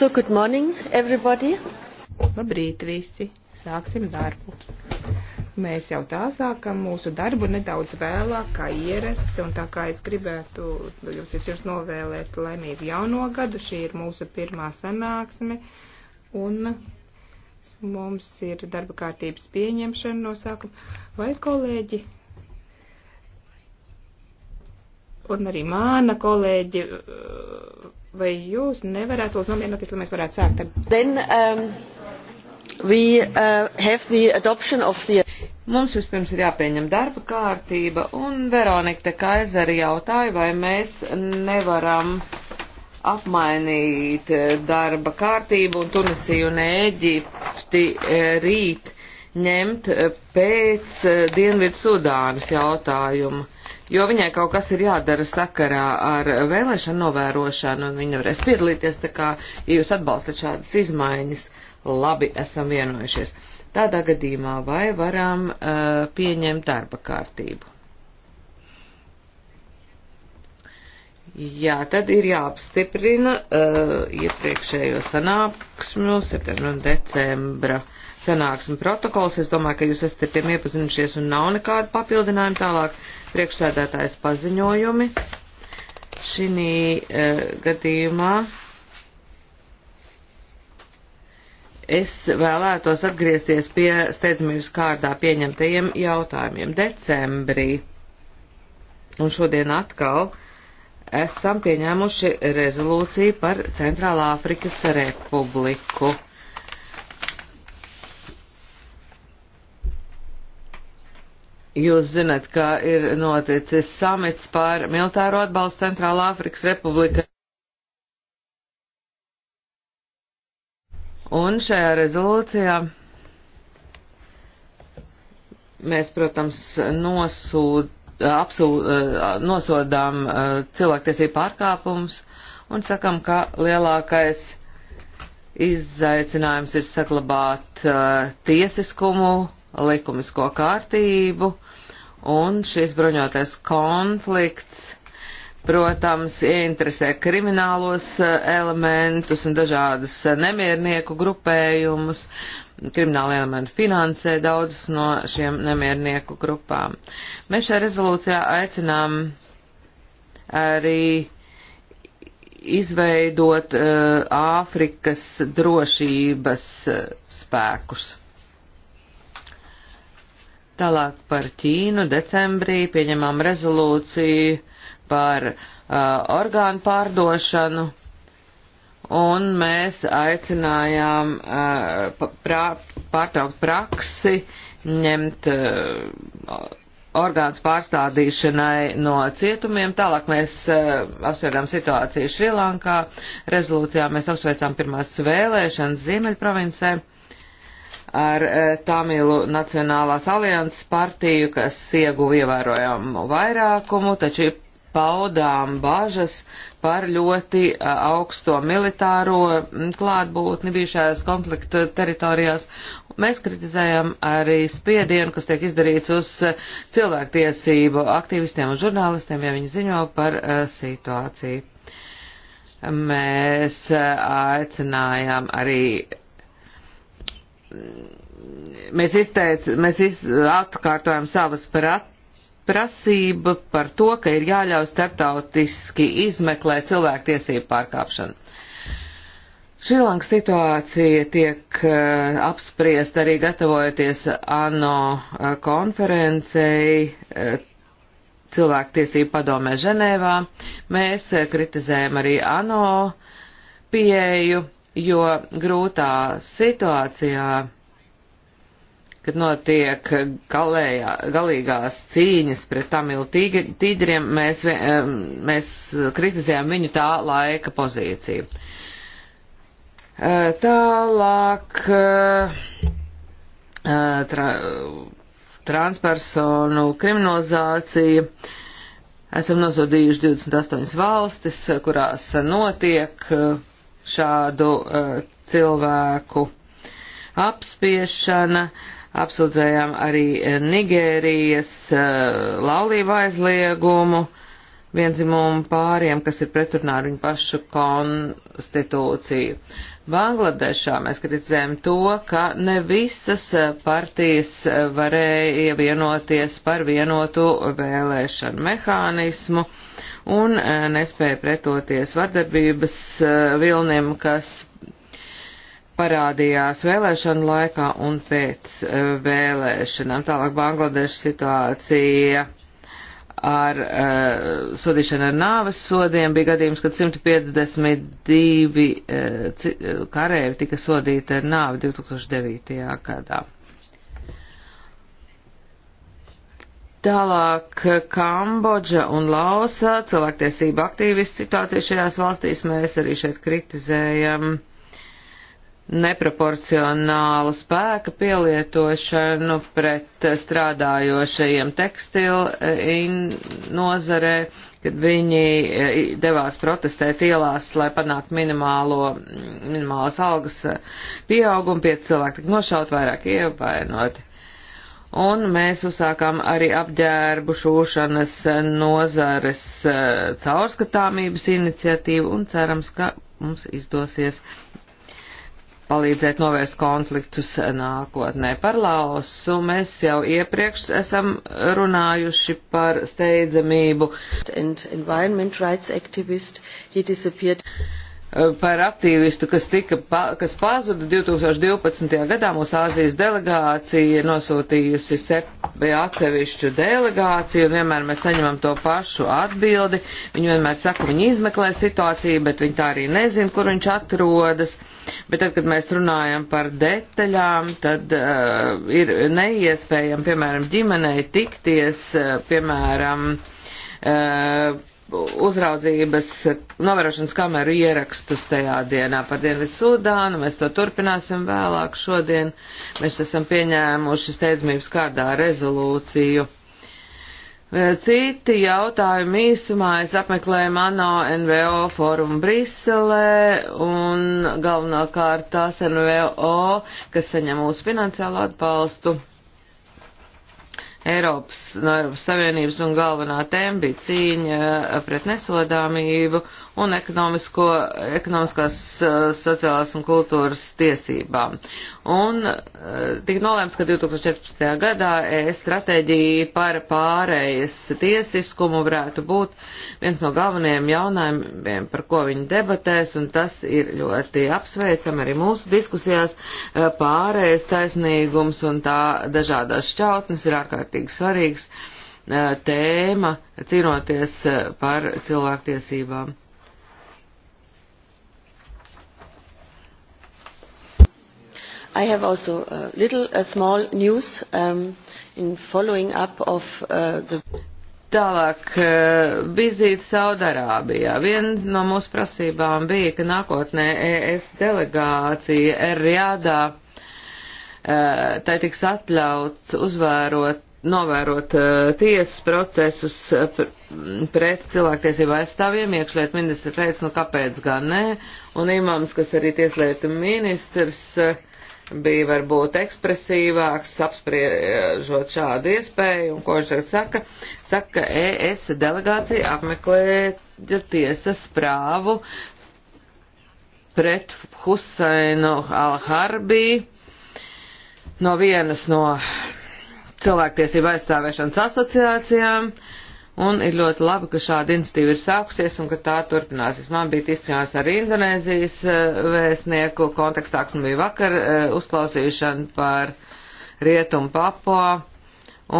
So good morning, everybody. Labrīt visi, sāksim darbu. Mēs jau tā sākam mūsu darbu nedaudz vēlāk, kā ierasts, un tā kā es gribētu jums visiem novēlēt laimīgu jauno gadu, šī ir mūsu pirmā sanāksme, un mums ir darba kārtības pieņemšana no sākuma. Vai kolēģi un arī mana kolēģi, uh, vai jūs nevarētu uznomierināties, lai mēs varētu sākt ar. Then, um... We, uh, the... Mums vispirms ir jāpieņem darba kārtība, un Veronika Kaiseri jautāja, vai mēs nevaram apmainīt uh, darba kārtību un Tunisiju un Ēģipti uh, rīt ņemt pēc Dienvidu Sudānas jautājuma jo viņai kaut kas ir jādara sakarā ar vēlēšanu novērošanu, un viņa varēs piedalīties, tā kā, ja jūs atbalstat šādas izmaiņas, labi esam vienojušies. Tādā gadījumā vai varam uh, pieņemt darba kārtību? Jā, tad ir jāapstiprina uh, iepriekšējo sanāksmu, septembra un decembra sanāksmu protokols. Es domāju, ka jūs esat ar tiem iepazinušies un nav nekāda papildinājuma tālāk. Uh, priekšsēdētājs paziņojumi. Šī e, gadījumā es vēlētos atgriezties pie steidzamības kārdā pieņemtajiem jautājumiem. Decembrī un šodien atkal esam pieņēmuši rezolūciju par Centrālā Afrikas Republiku. Jūs zinat, ka ir noticis samits par militāro atbalstu Centrālā Afrikas Republika. Un šajā rezolūcijā mēs, protams, nosūd, apsū, eh, nosodām eh, cilvēktiesību pārkāpumus un sakam, ka lielākais izaicinājums ir saglabāt eh, tiesiskumu likumisko kārtību, un šis bruņotais konflikts, protams, ieinteresē kriminālos eh, elementus un dažādus eh, nemiernieku grupējumus. Krimināli elementi finansē daudzas no šiem nemiernieku grupām. Mēs šajā rezolūcijā aicinām arī izveidot eh, Āfrikas uh, drošības uh, spēkus. Tālāk par Ķīnu decembrī pieņemam rezolūciju par uh, orgānu pārdošanu, un mēs aicinājām uh, prā, pārtraukt praksi, ņemt uh, orgāns pārstādīšanai no cietumiem. Tālāk mēs uh, apsvērām situāciju Šrilankā. Rezolūcijā mēs apsveicām pirmās vēlēšanas Ziemeļprovincē. Uh, ar e, Tamilu Nacionālās alianses partiju, kas ieguva ievērojamu vairākumu, taču paudām bažas par ļoti e, augsto militāro klātbūtni bijušajās konflikta teritorijās. Mēs kritizējam arī spiedienu, kas tiek izdarīts uz e, cilvēktiesību aktīvistiem un žurnālistiem, ja viņi ziņo par situāciju. Mēs aicinājām arī mēs, izteic, mēs iz, atkārtojam savas prat, prasību par to, ka ir jāļauj starptautiski izmeklēt cilvēktiesību pārkāpšanu. Šrilankas situācija tiek uh, apspriest arī gatavojoties ANO uh, konferencei uh, cilvēktiesību padomē Ženēvā. Mēs uh, kritizējam arī ANO pieeju jo grūtā situācijā, kad notiek galējā, galīgās cīņas pret tamilu tīģeriem, mēs, mēs kritizējam viņu tā laika pozīciju. Tālāk tra, transpersonu kriminalizācija. Esam nosodījuši 28 valstis, kurās notiek uh, šādu uh, cilvēku apspiešana. Apsūdzējām arī uh, Nigērijas uh, laulību aizliegumu vienzimumu pāriem, kas ir pretrunā ar viņu pašu konstitūciju. Bangladešā mēs kritizējam to, ka ne visas eh, partijas eh, varēja vienoties par vienotu vēlēšanu mehānismu un eh, nespēja pretoties vardarbības vilnim, kas parādījās vēlēšanu laikā un pēc vēlēšanām. Tālāk Bangladešas situācija ar uh, sodīšanu ar nāves sodiem. Bija gadījums, kad 152 uh, karēvi tika sodīti ar nāvi 2009. gadā. Tālāk Kambodža un Lausa, cilvēktiesība aktīvisti situācija šajās valstīs, mēs arī šeit kritizējam neproporcionālu spēka pielietošanu pret strādājošajiem tekstilu eh, nozarē, kad viņi eh, devās protestēt ielās, lai panāktu minimālo, minimālas algas eh, pieaugumu, pieci cilvēki tik nošaut, vairāk ievainoti. Un mēs uzsākām arī apģērbu šūšanas nozares caurskatāmības iniciatīvu un cerams, ka mums izdosies palīdzēt novērst konfliktus nākotnē. Par Laosu mēs jau iepriekš esam runājuši par steidzamību. Eh, par aktīvistu, kas, tika, kas pazuda 2012. gadā. Mūsu Āzijas delegācija nosūtījusi atsevišķu delegāciju, un vienmēr mēs saņemam to pašu atbildi. Viņi vienmēr saka, viņi izmeklē situāciju, bet viņi tā arī nezina, kur viņš atrodas. Bet tad, kad mēs runājam par detaļām, tad uh, ir neiespējami, piemēram, ģimenei tikties, uh, piemēram, uh, uzraudzības novērošanas kameru ierakstus tajā dienā par Dienvidu Sudānu. Mēs to turpināsim vēlāk šodien. Mēs esam pieņēmuši steidzamības kārdā rezolūciju. Citi jautājumi īsumā es apmeklēju ANO NVO forumu Briselē un galvenokārt tās NVO, kas saņem mūsu finansiālo atbalstu Eiropas, no Eiropas Savienības un galvenā tēma bija cīņa pret nesodāmību un ekonomiskās, eh, sociālās un kultūras tiesībām. Un eh, tika nolēmts, ka 2014. gadā ES stratēģija par pārējas tiesiskumu varētu būt viens no galvenajiem jaunājumiem, par ko viņi debatēs, un tas ir ļoti apsveicam arī mūsu diskusijās. Eh, pārējas taisnīgums un tā dažādās šķautnes ir ārkārtīgi svarīgs tēma cīnoties par cilvēktiesībām. I have also a little a small news um, in following up of uh, the Tālāk, uh, vizīte Saudarābijā. Viena no mūsu prasībām bija, ka nākotnē ES delegācija Rjadā uh, tai tiks atļauts uzvērot, novērot uh, tiesas procesus pret cilvēktiesību aizstāvjiem. Iekšliet ministra teica, nu kāpēc gan nē, un imams, kas arī tieslietu ministrs, uh, bija varbūt ekspresīvāks, apspriežot šādu iespēju, un ko viņš tagad saka, saka, ka e ES delegācija apmeklē tiesas prāvu pret Husainu Al-Harbī no vienas no cilvēktiesību aizstāvēšanas asociācijām, uh, Un ir ļoti labi, ka šāda institīva ir sākusies un ka tā turpināsies. Man bija tikšanās ar Indonēzijas eh, vēstnieku kontekstā, kas man bija vakar eh, uzklausīšana par Rietumu Papua.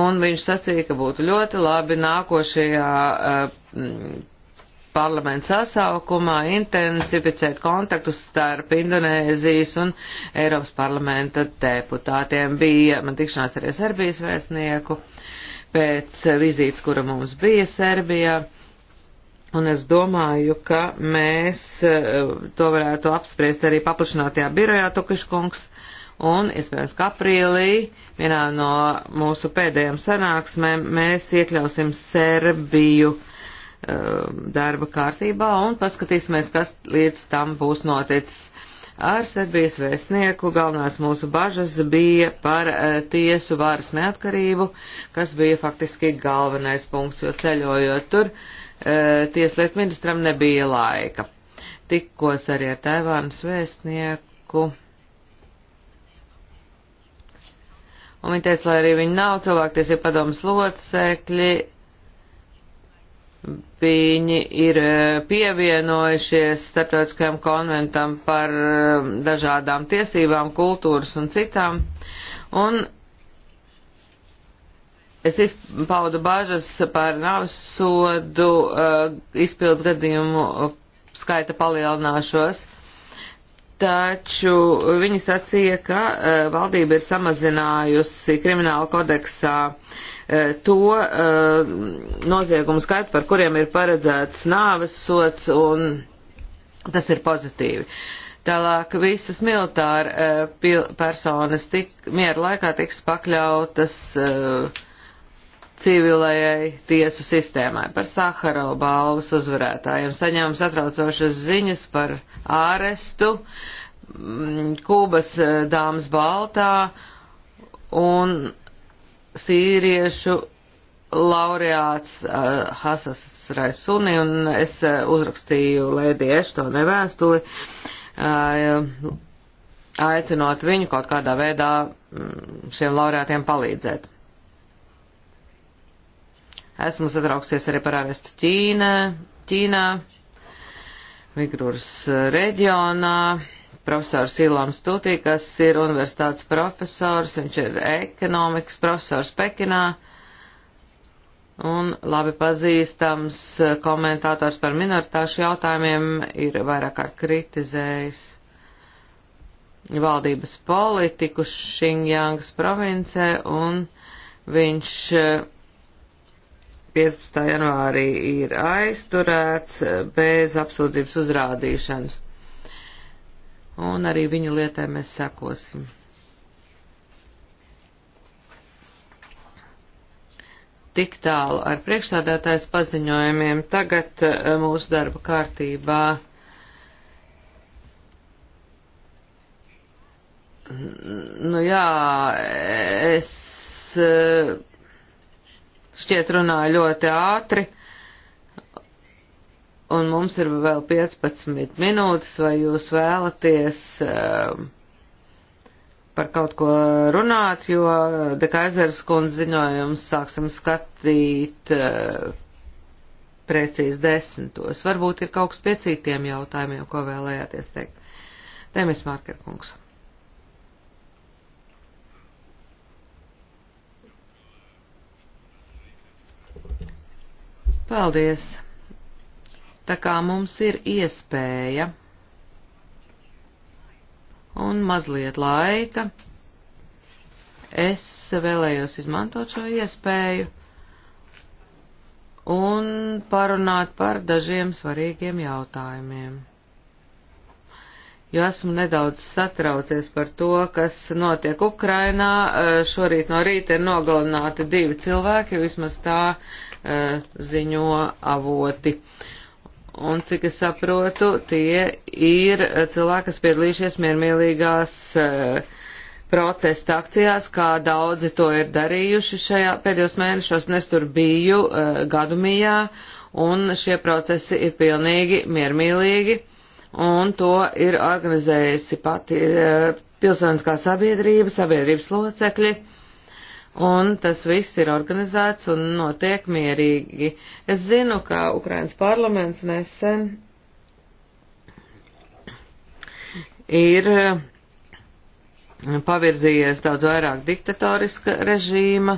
Un viņš sacīja, ka būtu ļoti labi nākošajā eh, parlamenta sasaukumā intensificēt kontaktus starp Indonēzijas un Eiropas parlamenta deputātiem. Bija man tikšanās arī Serbijas vēstnieku. Uh, pēc vizītes, kura mums bija Serbijā. Un es domāju, ka mēs eh, to varētu apspriest arī paplašinātajā birojā Tukiškungs. Un, iespējams, ka aprīlī vienā no mūsu pēdējām sanāksmēm mēs iekļausim Serbiju eh, darba kārtībā un paskatīsimies, kas līdz tam būs noticis. Ar Serbijas vēstnieku galvenās mūsu bažas bija par e, tiesu varas neatkarību, kas bija faktiski galvenais punkts, jo ceļojot tur, e, tieslietu ministram nebija laika. Tikos arī ar Taivānas vēstnieku. Un viņa teica, lai arī viņi nav cilvēktiesība padomas locekļi, Viņi ir e, pievienojušies starptautiskajam konventam par e, dažādām tiesībām, kultūras un citām. Un es izpaudu bažas par navsodu e, izpildus gadījumu skaita palielināšos. Taču viņi sacīja, ka valdība ir samazinājusi krimināla kodeksā uh, E, to e, noziegumu skaitu, par kuriem ir paredzēts nāves sots, un tas ir pozitīvi. Tālāk visas militāra e, personas tik, miera laikā tiks pakļautas civilajai tiesu sistēmai par Saharau balvas uzvarētājiem. Saņēmu satraucošas ziņas par ārestu, Kūbas dāmas baltā un sīriešu laureāts uh, Hasas Raisuni, un es uh, uzrakstīju Lēdī Eštone vēstuli, uh, aicinot viņu kaut kādā veidā mm, šiem laureātiem palīdzēt. Esmu satrauksies arī par arestu Ķīnā, Ķīnā Vigrūras uh, reģionā profesors Ilams Tutī, kas ir universitātes profesors, viņš ir ekonomikas profesors Pekinā un labi pazīstams komentātors par minoritāšu jautājumiem ir vairāk kārt kritizējis valdības politiku Šinjangas provincē un viņš 15. Eh, janvārī ir aizturēts bez apsūdzības uzrādīšanas un arī viņu lietai mēs sekosim. Tik tālu ar priekšstādātājs paziņojumiem. Tagad eh, mūsu darba kārtībā nu jā, es eh, šķiet runāju ļoti ātri un mums ir vēl 15 minūtes, vai jūs vēlaties uh, par kaut ko runāt, jo Dekaizers kundze ziņojums sāksim skatīt uh, precīzi desmitos. Varbūt ir kaut kas pie citiem jautājumiem, ko vēlējāties teikt. Demis Mārkerkungs. Paldies! Tā kā mums ir iespēja un mazliet laika, es vēlējos izmantot šo iespēju un parunāt par dažiem svarīgiem jautājumiem. Jo esmu nedaudz satraucies par to, kas notiek Ukrainā. Eh, šorīt no rīta ir nogalināti divi cilvēki, vismaz tā eh, ziņo avoti. Uh, Un, cik es saprotu, tie ir eh, cilvēki, kas piedalījušies miermīlīgās uh, protesta akcijās, kā daudzi to ir darījuši šajā pēdējos mēnešos, nes tur biju uh, eh, gadumijā, un šie procesi ir pilnīgi miermīlīgi, un to ir organizējusi pati uh, pilsoniskā sabiedrība, sabiedrības locekļi, un tas viss ir organizēts un notiek mierīgi. Es zinu, ka Ukrainas parlaments nesen ir eh, pavirzījies daudz vairāk diktatoriska režīma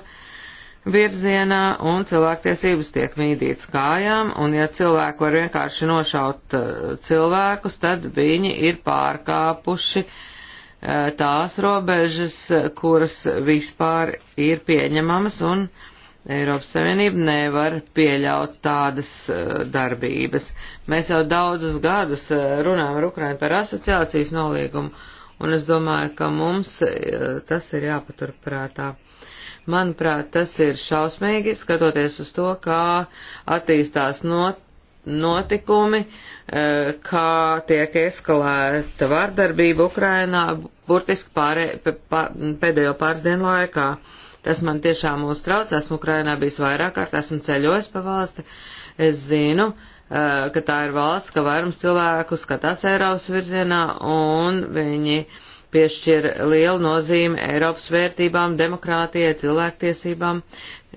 virzienā, un cilvēktiesības tiek mīdīts kājām, un ja cilvēki var vienkārši nošaut eh, cilvēkus, tad viņi ir pārkāpuši uh, Eh, tās robežas, kuras vispār ir pieņemamas un Eiropas Savienība nevar pieļaut tādas eh, darbības. Mēs jau daudzus gadus eh, runājam ar Ukrainu par asociācijas nolīgumu, un es domāju, ka mums tas ir jāpatur prātā. Manuprāt, tas ir šausmīgi, skatoties uz to, kā attīstās not notikumi, eh, kā tiek eskalēta vardarbība Ukrainā burtiski pārē, pēdējo pāris dienu laikā. Tas man tiešām uztrauc, esmu Ukrainā bijis vairāk kārt, esmu ceļojis pa valsti, es zinu, eh, ka tā ir valsts, ka vairums cilvēku skatās Eiropas virzienā un viņi piešķir lielu nozīmi Eiropas vērtībām, demokrātijai, cilvēktiesībām,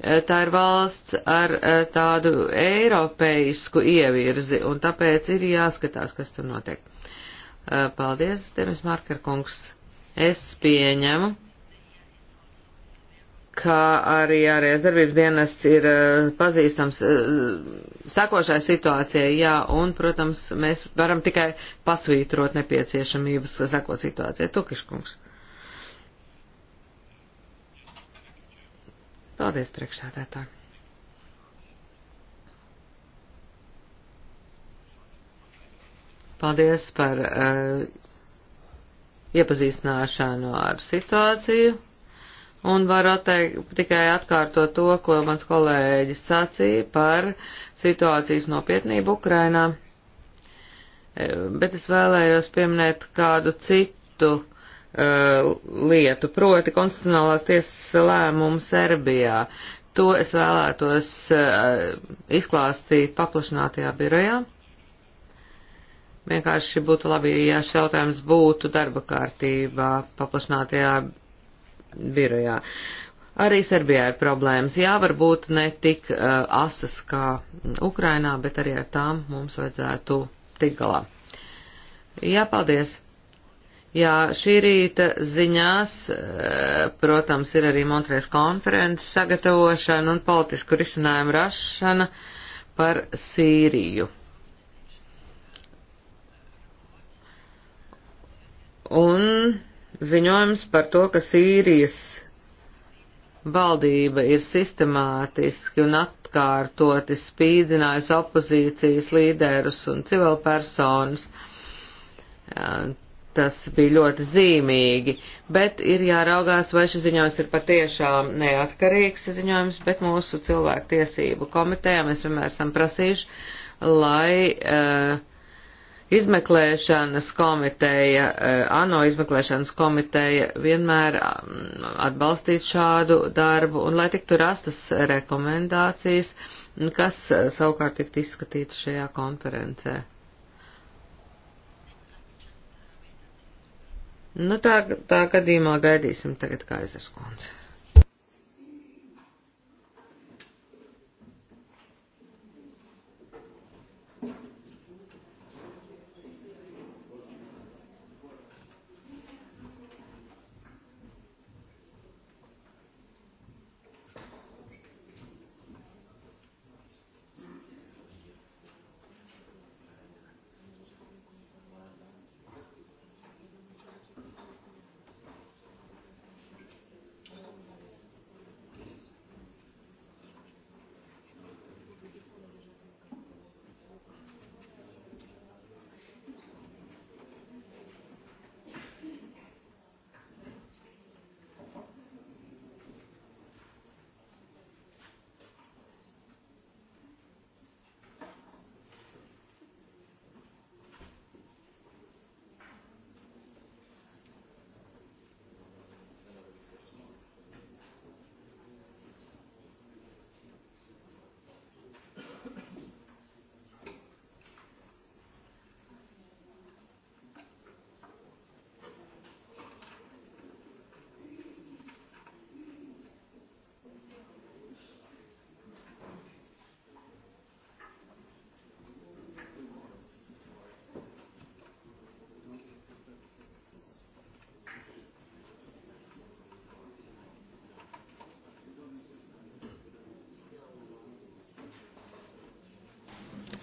Eh, tā ir valsts ar eh, tādu eiropeisku ievirzi, un tāpēc ir jāskatās, kas tur notiek. Eh, paldies, Demis Markerkungs. Es pieņemu, ka arī ārējās darbības dienests ir pazīstams sakošai situācijai, jā, un, protams, mēs varam tikai pasvītrot nepieciešamības sakot situācijai. Tukiškungs. Paldies, priekšsēdētāji. Paldies par uh, iepazīstināšanu ar situāciju. Un varu atteikt, tikai atkārtot to, ko mans kolēģis sacīja par situācijas nopietnību Ukrainā. Eh, bet es vēlējos pieminēt kādu citu Uh, lietu, proti konstitucionālās tiesas lēmumu Serbijā. To es vēlētos uh, izklāstīt paplašinātajā birojā. Vienkārši būtu labi, ja šis jautājums būtu darba kārtībā paplašinātajā birojā. Arī Serbijā ir problēmas. Jā, varbūt ne tik uh, asas kā Ukrainā, bet arī ar tām mums vajadzētu tikt galā. Jā, paldies! Jā, šī rīta ziņās, eh, protams, ir arī Montrēs konferences sagatavošana un politisku risinājumu rašana par Sīriju. Un ziņojums par to, ka Sīrijas valdība ir sistemātiski un atkārtoti spīdzinājusi opozīcijas līderus un civilpersonas. Tas bija ļoti zīmīgi, bet ir jāraugās, vai šis ziņojums ir patiešām neatkarīgs ziņojums, bet mūsu cilvēku tiesību komitejā mēs vienmēr esam prasījuši, lai uh, izmeklēšanas komiteja, eh, ANO izmeklēšanas komiteja vienmēr mm, atbalstīt šādu darbu un lai tiktu rastas rekomendācijas, kas eh, savukārt tiktu izskatītas šajā konferencē. Nu, tā, tā gadījumā gaidīsim tagad Kaisers kundze.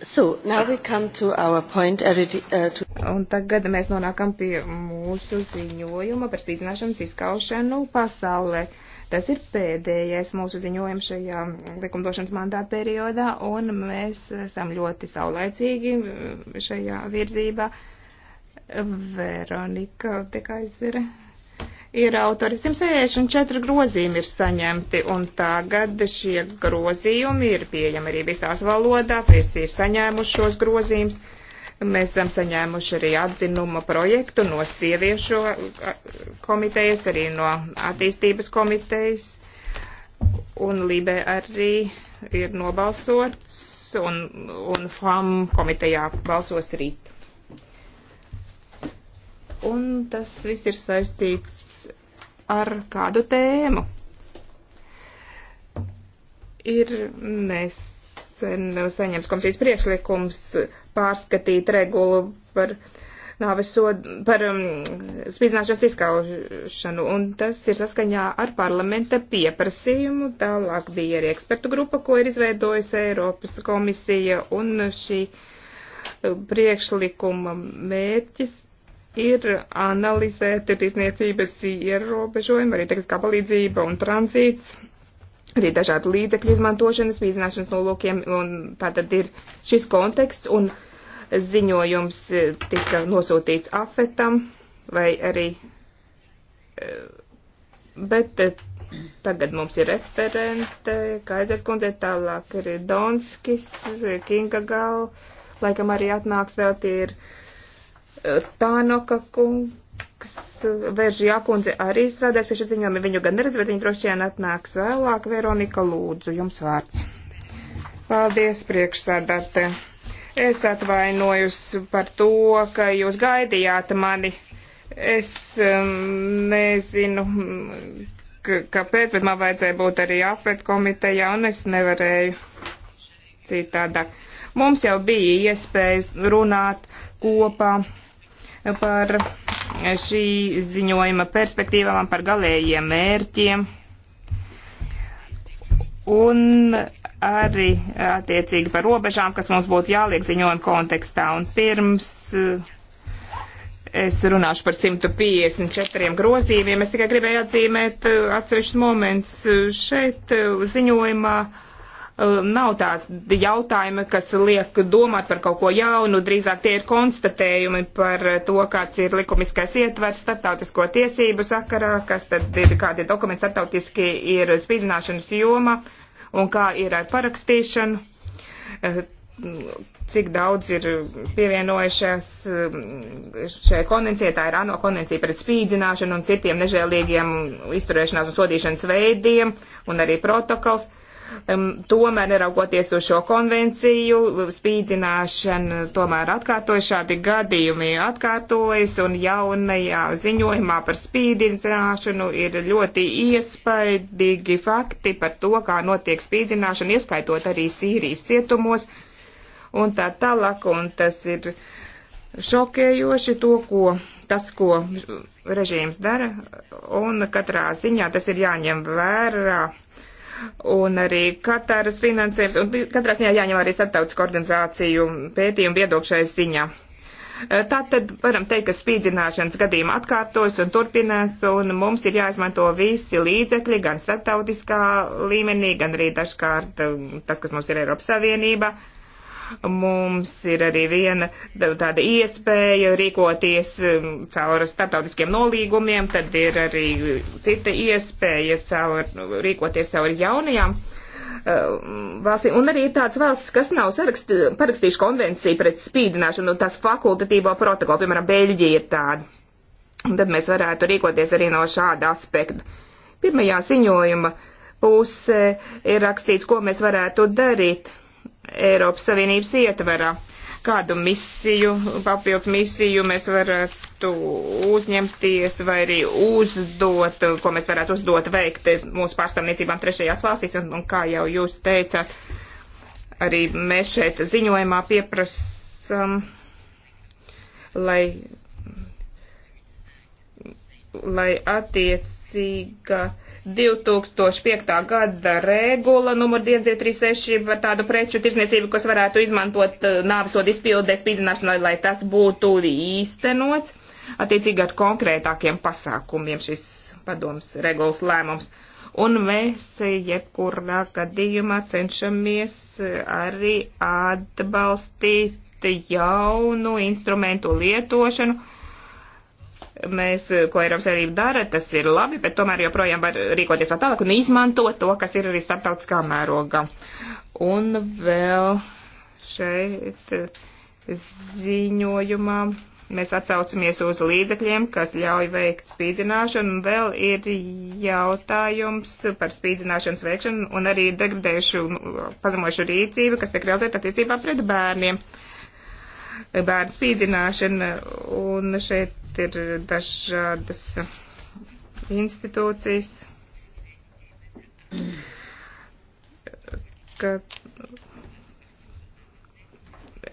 So, point, uh, uh, to... Un tagad mēs nonākam pie mūsu ziņojuma par spīdzināšanas izskaušanu pasaulē. Tas ir pēdējais mūsu ziņojums šajā likumdošanas mandāta periodā, un mēs esam ļoti saulaicīgi uh, šajā virzībā. Veronika Dekaizere ir autori. 164 grozījumi ir saņemti, un tagad šie grozījumi ir pieejami arī visās valodās, visi ir saņēmuši šos grozījumus. Mēs esam saņēmuši arī atzinuma projektu no sieviešu komitejas, arī no attīstības komitejas, un Lībe arī ir nobalsots, un, un FAM komitejā balsos rīt. Un tas viss ir saistīts ar kādu tēmu. Ir nesen saņems komisijas priekšlikums pārskatīt regulu par nāves sodu, par um, spīdzināšanas izskaušanu, un tas ir saskaņā ar parlamenta pieprasījumu. Tālāk bija arī ekspertu grupa, ko ir izveidojusi Eiropas komisija, un šī uh, priekšlikuma mērķis ir analizēti tirsniecības ierobežojumi, arī tekstiskā palīdzība un tranzīts, arī dažādu līdzekļu izmantošanas, spīdzināšanas nolūkiem, un tātad ir šis konteksts, un ziņojums e, tika nosūtīts afetam, vai arī, e, bet e, tagad mums ir referente, Kaizers kundze, tālāk ir Donskis, Kinga Gal, laikam arī atnāks vēl tie ir. Uh, Tānoka kungs, Veržī Akundze arī strādājas pie šī ziņojuma, viņu gan neredz, bet viņa droši vien atnāks vēlāk. Veronika, lūdzu, jums vārds. Paldies, priekšsādāte. Es atvainojos par to, ka jūs gaidījāt mani. Es um, nezinu, kāpēc, bet man vajadzēja būt arī apvet komitejā, un es nevarēju citādāk. Mums jau bija iespējas runāt kopā par šī ziņojuma perspektīvām, par galējiem mērķiem un arī attiecīgi par robežām, kas mums būtu jāliek ziņojuma kontekstā. Un pirms eh, es runāšu par 154 grozījumiem, es tikai gribēju atzīmēt eh, atsevišķus momentus šeit eh, ziņojumā. Uh, Ehm, nav tādi jautājumi, kas liek domāt par kaut ko jaunu, drīzāk tie ir konstatējumi par to, kāds ir likumiskais ietvers starptautisko tiesību sakarā, kas tad ir, kādi dokumenti starptautiski ir spīdzināšanas joma un kā ir ar parakstīšanu, ehm, cik daudz ir pievienojušās ehm, šai konvencijai, tā ir ANO konvencija pret spīdzināšanu un citiem nežēlīgiem izturēšanās un sodīšanas veidiem un arī protokols Tomēr, neraugoties uz šo konvenciju, spīdzināšana tomēr atkārtojas, šādi gadījumi atkārtojas, un jaunajā ziņojumā par spīdzināšanu ir ļoti iespaidīgi fakti par to, kā notiek spīdzināšana, ieskaitot arī Sīrijas cietumos, un tā tālāk, un tas ir šokējoši to, ko tas, ko režīms dara, un katrā ziņā tas ir jāņem vērā un arī Kataras finansējums, un katrā ziņā jāņem arī starptautisko organizāciju pētījumu viedokšai ziņā. Tā tad varam teikt, ka spīdzināšanas gadījuma atkārtos un turpinās, un mums ir jāizmanto visi līdzekļi, gan starptautiskā līmenī, gan arī dažkārt tas, kas mums ir Eiropas Savienība. Uh, Mums ir arī viena tāda iespēja rīkoties um, caur starptautiskiem nolīgumiem, tad ir arī cita iespēja caur, rīkoties caur jaunajām uh, valstīm. Un arī tāds valsts, kas nav saraksti, parakstījuši konvenciju pret spīdināšanu, nu, tās fakultatīvo protokolu, piemēram, Beļģija ir tāda. Un tad mēs varētu rīkoties arī no šāda aspekta. Pirmajā ziņojuma pusē ir rakstīts, ko mēs varētu darīt Eiropas Savienības ietverā. Kādu misiju, papildus misiju mēs varētu uzņemties vai arī uzdot, ko mēs varētu uzdot veikt mūsu pārstāvniecībām trešajās valstīs, un, un kā jau jūs teicāt, arī mēs šeit ziņojumā pieprasam, lai lai attiecīga 2005. gada regula numur 1236 par tādu preču tirsniecību, kas varētu izmantot uh, nāvisodu izpildē spīdzināšanai, lai tas būtu īstenots, attiecīgi ar konkrētākiem pasākumiem šis padoms regulas lēmums. Un mēs jebkurā gadījumā cenšamies uh, arī atbalstīt jaunu instrumentu lietošanu, mēs, ko Eiropas Savienība dara, tas ir labi, bet tomēr joprojām var rīkoties vēl tālāk un izmantot to, kas ir arī starptautiskā mērogā. Un vēl šeit ziņojumā mēs atsaucamies uz līdzekļiem, kas ļauj veikt spīdzināšanu, un vēl ir jautājums par spīdzināšanas veikšanu un arī degradējušu, pazemojušu rīcību, kas tiek realizēta attiecībā pret bērniem. Bērnu spīdzināšana, un šeit šeit ir dažādas institūcijas, ka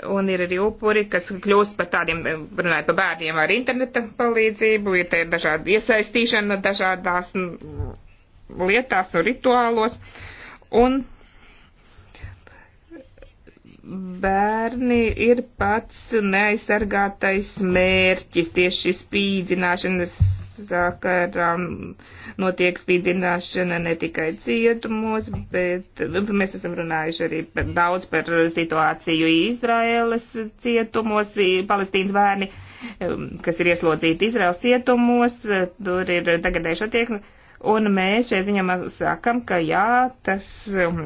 un ir arī upuri, kas kļūst par tādiem, runājot par bērniem ar interneta palīdzību, ir te dažāda iesaistīšana dažādās lietās un rituālos. Un bērni ir pats neaizsargātais mērķis tieši spīdzināšanas sakarā notiek spīdzināšana ne tikai cietumos, bet nu, mēs esam runājuši arī par, daudz par situāciju Izraēlas cietumos, Palestīnas bērni, um, kas ir ieslodzīti Izraēlas cietumos, tur ir tagadējuši attieksmi Un mēs šeit ziņā sakam, ka jā, tas um,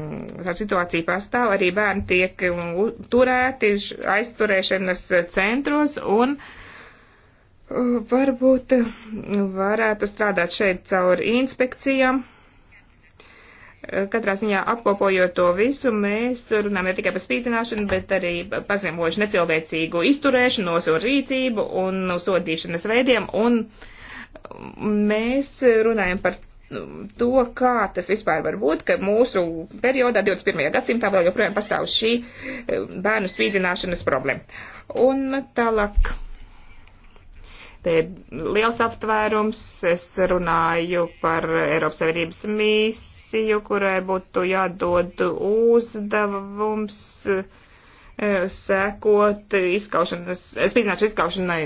situācija pastāv, arī bērni tiek um, turēti aizturēšanas centros un uh, varbūt um, varētu strādāt šeit caur inspekcijām. Uh, katrā ziņā apkopojot to visu, mēs runājam ne tikai par spīdzināšanu, bet arī pazemošu necilvēcīgu izturēšanos un rīcību un sodīšanas veidiem un uh, Mēs runājam par to, kā tas vispār var būt, ka mūsu periodā, 21. gadsimtā, vēl joprojām pastāv šī eh, bērnu spīdzināšanas problēma. Un tālāk. Te ir liels aptvērums. Es runāju par Eiropas Savienības misiju, kurai būtu jādod uzdevums eh, sekot izskaušanas, spīdzināšanas izskaušanai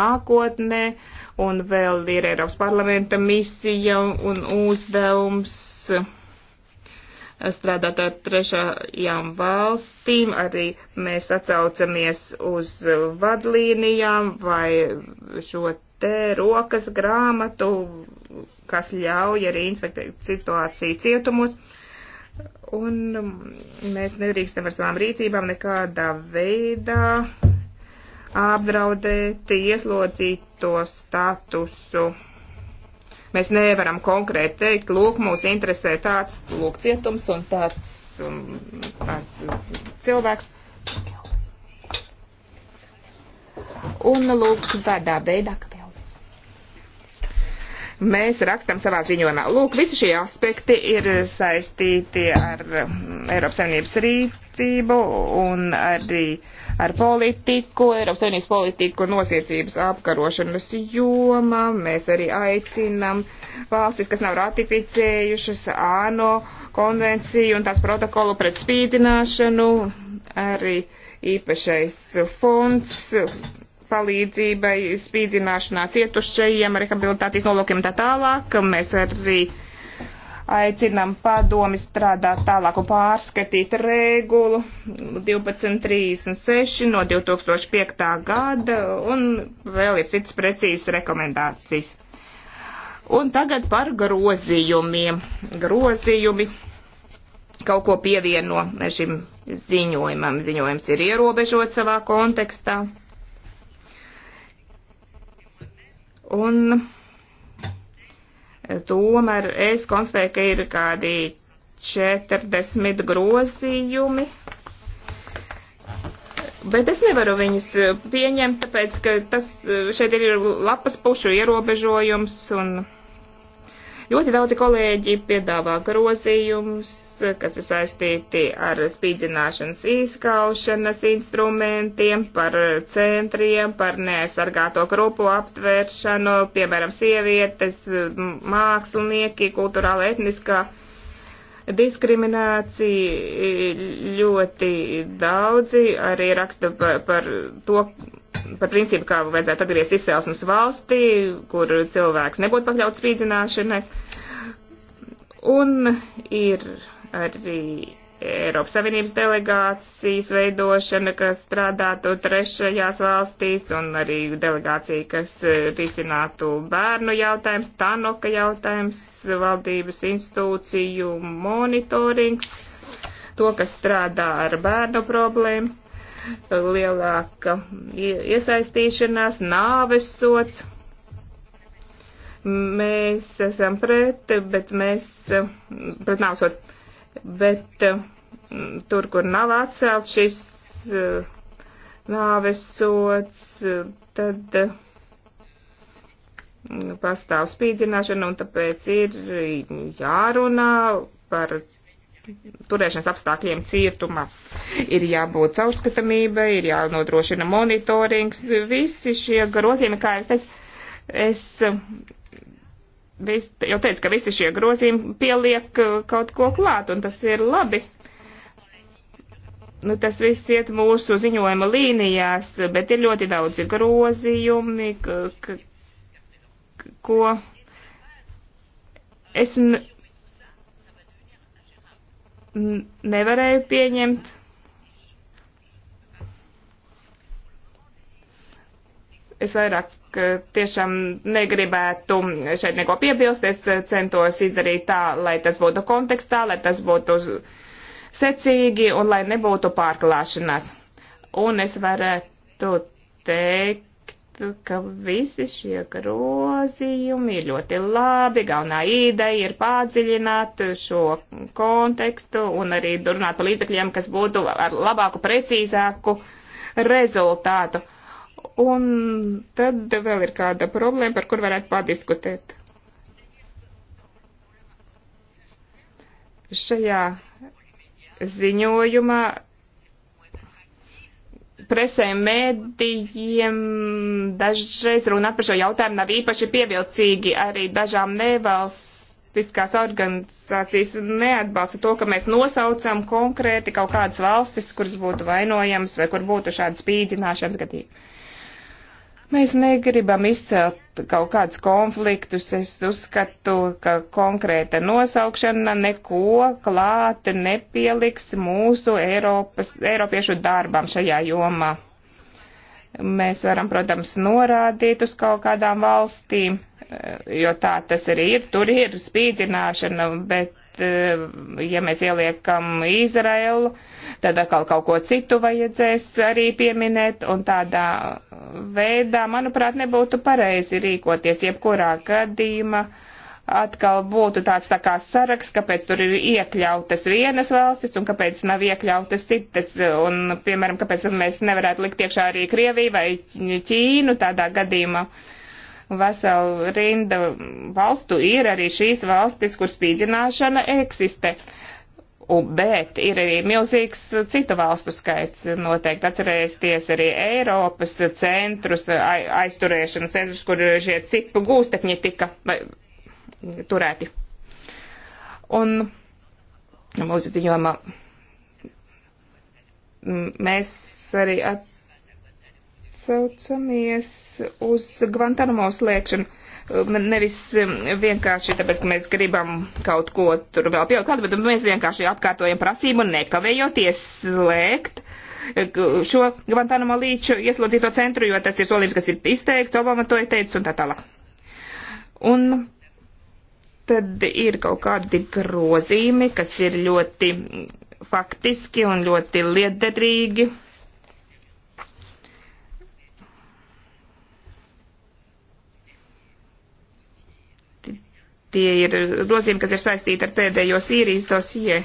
nākotnē. Uh, un vēl ir Eiropas parlamenta misija un uzdevums strādāt ar trešajām valstīm, arī mēs atcaucamies uz vadlīnijām vai šo te rokas grāmatu, kas ļauj arī inspektēt situāciju cietumos. Un mēs nedrīkstam ar savām rīcībām nekādā veidā apdraudēt ieslodzīto statusu. Mēs nevaram konkrēti teikt, lūk, mūs interesē tāds, lūk, cietums un tāds, un tāds cilvēks. Un lūk, tādā veidā, ka mēs rakstam savā ziņojumā. Lūk, visi šie aspekti ir saistīti ar mm, Eiropas Savienības rīcību un arī uh, ar politiku, Eiropas Savienības politiku nosiecības apkarošanas jomā. Mēs arī aicinam valstis, kas nav ratificējušas ANO konvenciju un tās protokolu pret spīdzināšanu, arī īpašais fonds palīdzībai spīdzināšanā cietušajiem, rehabilitācijas nolūkiem tā tālāk. Mēs arī Aicinam padomi strādāt tālāk un pārskatīt regulu 1236 no 2005. gada un vēl ir citas precīzas rekomendācijas. Un tagad par grozījumiem. Grozījumi kaut ko pievieno šim ziņojumam. Ziņojums ir ierobežots savā kontekstā. Un Tomēr es konstatēju, ka ir kādi 40 grozījumi, bet es nevaru viņus pieņemt, tāpēc, ka tas šeit ir lapas pušu ierobežojums un ļoti daudzi kolēģi piedāvā grozījumus kas ir saistīti ar spīdzināšanas izskaušanas instrumentiem, par centriem, par neaizsargāto grupu aptvēršanu, piemēram, sievietes, mākslinieki, kulturāla etniskā diskriminācija ļoti daudzi arī raksta par, par to, par principu, kā vajadzētu atgriezt izcelsmes valstī, kur cilvēks nebūtu pakļauts spīdzināšanai. Un ir arī Eiropas Savienības delegācijas veidošana, kas strādātu trešajās valstīs, un arī delegācija, kas e, risinātu bērnu jautājums, Tanoka jautājums, valdības institūciju monitorings, to, kas strādā ar bērnu problēmu, lielāka iesaistīšanās, nāvesots. Mēs esam pret, bet mēs e, pret nāvesot bet eh, tur, kur nav atcelt šis eh, nāves sots, eh, tad pastāv spīdzināšana un tāpēc ir jārunā par turēšanas apstākļiem cietumā. Ir jābūt caurskatamībai, ir jānodrošina monitorings, visi šie grozījumi, kā es teicu, es vis, jau teicu, ka visi šie grozījumi pieliek uh, kaut ko klāt, un tas ir labi. Nu, tas viss iet mūsu ziņojuma līnijās, bet ir ļoti daudzi grozījumi, ko es nevarēju pieņemt. Es vairāk tiešām negribētu šeit neko piebilst. Es eh, centos izdarīt tā, lai tas būtu kontekstā, lai tas būtu secīgi un lai nebūtu pārklāšanās. Un es varētu teikt, ka visi šie grozījumi ir ļoti labi. Galvenā ideja ir padziļināt šo kontekstu un arī runāt par līdzekļiem, kas būtu ar labāku, precīzāku rezultātu. Uh, Un tad vēl ir kāda problēma, par kur varētu padiskutēt. Šajā ziņojumā presē mēdījiem dažreiz runā par šo jautājumu nav īpaši pievilcīgi arī dažām nevalstiskās organizācijas neatbalsta to, ka mēs nosaucam konkrēti kaut kādas valstis, kuras būtu vainojams vai kur būtu šāda spīdzināšanas gadījuma. Mēs negribam izcelt kaut kādus konfliktus. Es uzskatu, ka konkrēta nosaukšana neko klāt nepieliks mūsu Eiropas, Eiropiešu darbam šajā jomā. Mēs varam, protams, norādīt uz kaut kādām valstīm, jo tā tas arī ir. Tur ir spīdzināšana, bet bet eh, ja mēs ieliekam Izraelu, tad atkal kaut ko citu vajadzēs arī pieminēt, un tādā veidā, manuprāt, nebūtu pareizi rīkoties jebkurā gadījumā. Atkal būtu tāds tā kā saraks, kāpēc tur ir iekļautas vienas valstis un kāpēc nav iekļautas citas. Un, piemēram, kāpēc mēs nevarētu likt iekšā arī Krieviju vai Ķīnu tādā gadījumā. Uh, vesela rinda valstu ir arī šīs valstis, kur spīdzināšana eksistē. Un, bet ir arī milzīgs citu valstu skaits. Noteikti atcerēsties arī Eiropas centrus, aizturēšanas centrus, kur šie cipu gūstekņi tika vai, turēti. Un mūsu ziņojumā mēs arī at atsaucamies uz Guantanamo slēgšanu. Nevis um, vienkārši tāpēc, ka mēs gribam kaut ko tur vēl pieaugt, bet mēs vienkārši atkārtojam prasību nekavējoties slēgt eh, šo Guantanamo līču ieslodzīto centru, jo tas ir solījums, kas ir izteikts, Obama to ir teicis un tā tālāk. Un tad ir kaut kādi grozīmi, kas ir ļoti faktiski un ļoti liederīgi Tie ir grozījumi, kas ir saistīti ar pēdējo Sīrijas dosie.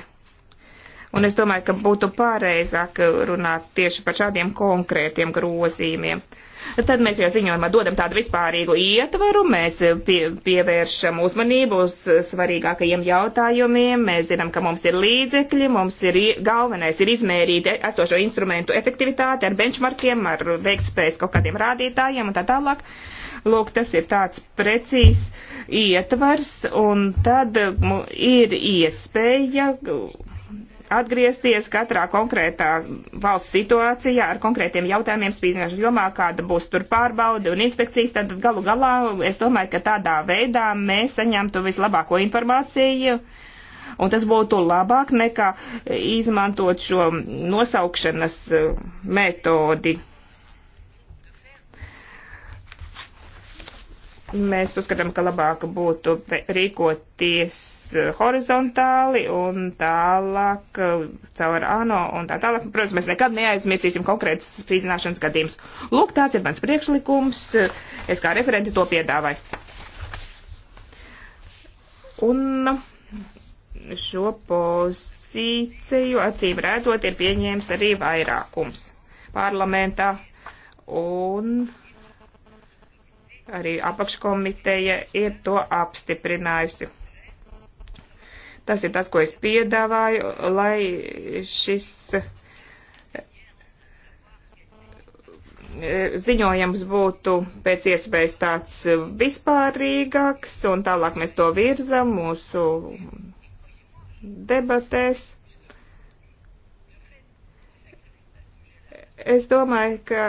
Un es domāju, ka būtu pārreizāk runāt tieši par šādiem konkrētiem grozījumiem. Tad mēs jau ziņojumā dodam tādu vispārīgu ietvaru, mēs pie, pievēršam uzmanību uz svarīgākajiem jautājumiem, mēs zinām, ka mums ir līdzekļi, mums ir galvenais ir izmērīt esošo instrumentu efektivitāti ar benchmarkiem, ar veiktspējas kaut kādiem rādītājiem un tā tālāk. Uh, Lūk, tas ir tāds precīzs ietvars, un tad mm, ir iespēja atgriezties katrā konkrētā valsts situācijā ar konkrētiem jautājumiem spīdzināšanas jomā, kāda būs tur pārbauda un inspekcijas, tad galu galā es domāju, ka tādā veidā mēs saņemtu vislabāko informāciju. Un tas būtu labāk nekā izmantot šo nosaukšanas eh, metodi. Mēs uzskatām, ka labāk būtu rīkoties eh, horizontāli un tālāk eh, caur ANO un tā tālāk. Protams, mēs nekad neaizmirsīsim konkrētas spīdzināšanas gadījumus. Lūk, tāds ir mans priekšlikums. Eh, es kā referenti to piedāvāju. Un šo pozīciju acīm redzot ir pieņēmis arī vairākums parlamentā. Un Arī apakškomiteja ir to apstiprinājusi. Tas ir tas, ko es piedāvāju, lai šis eh, ziņojums būtu pēc iespējas tāds vispārīgāks, un tālāk mēs to virzam mūsu debatēs. Es domāju, ka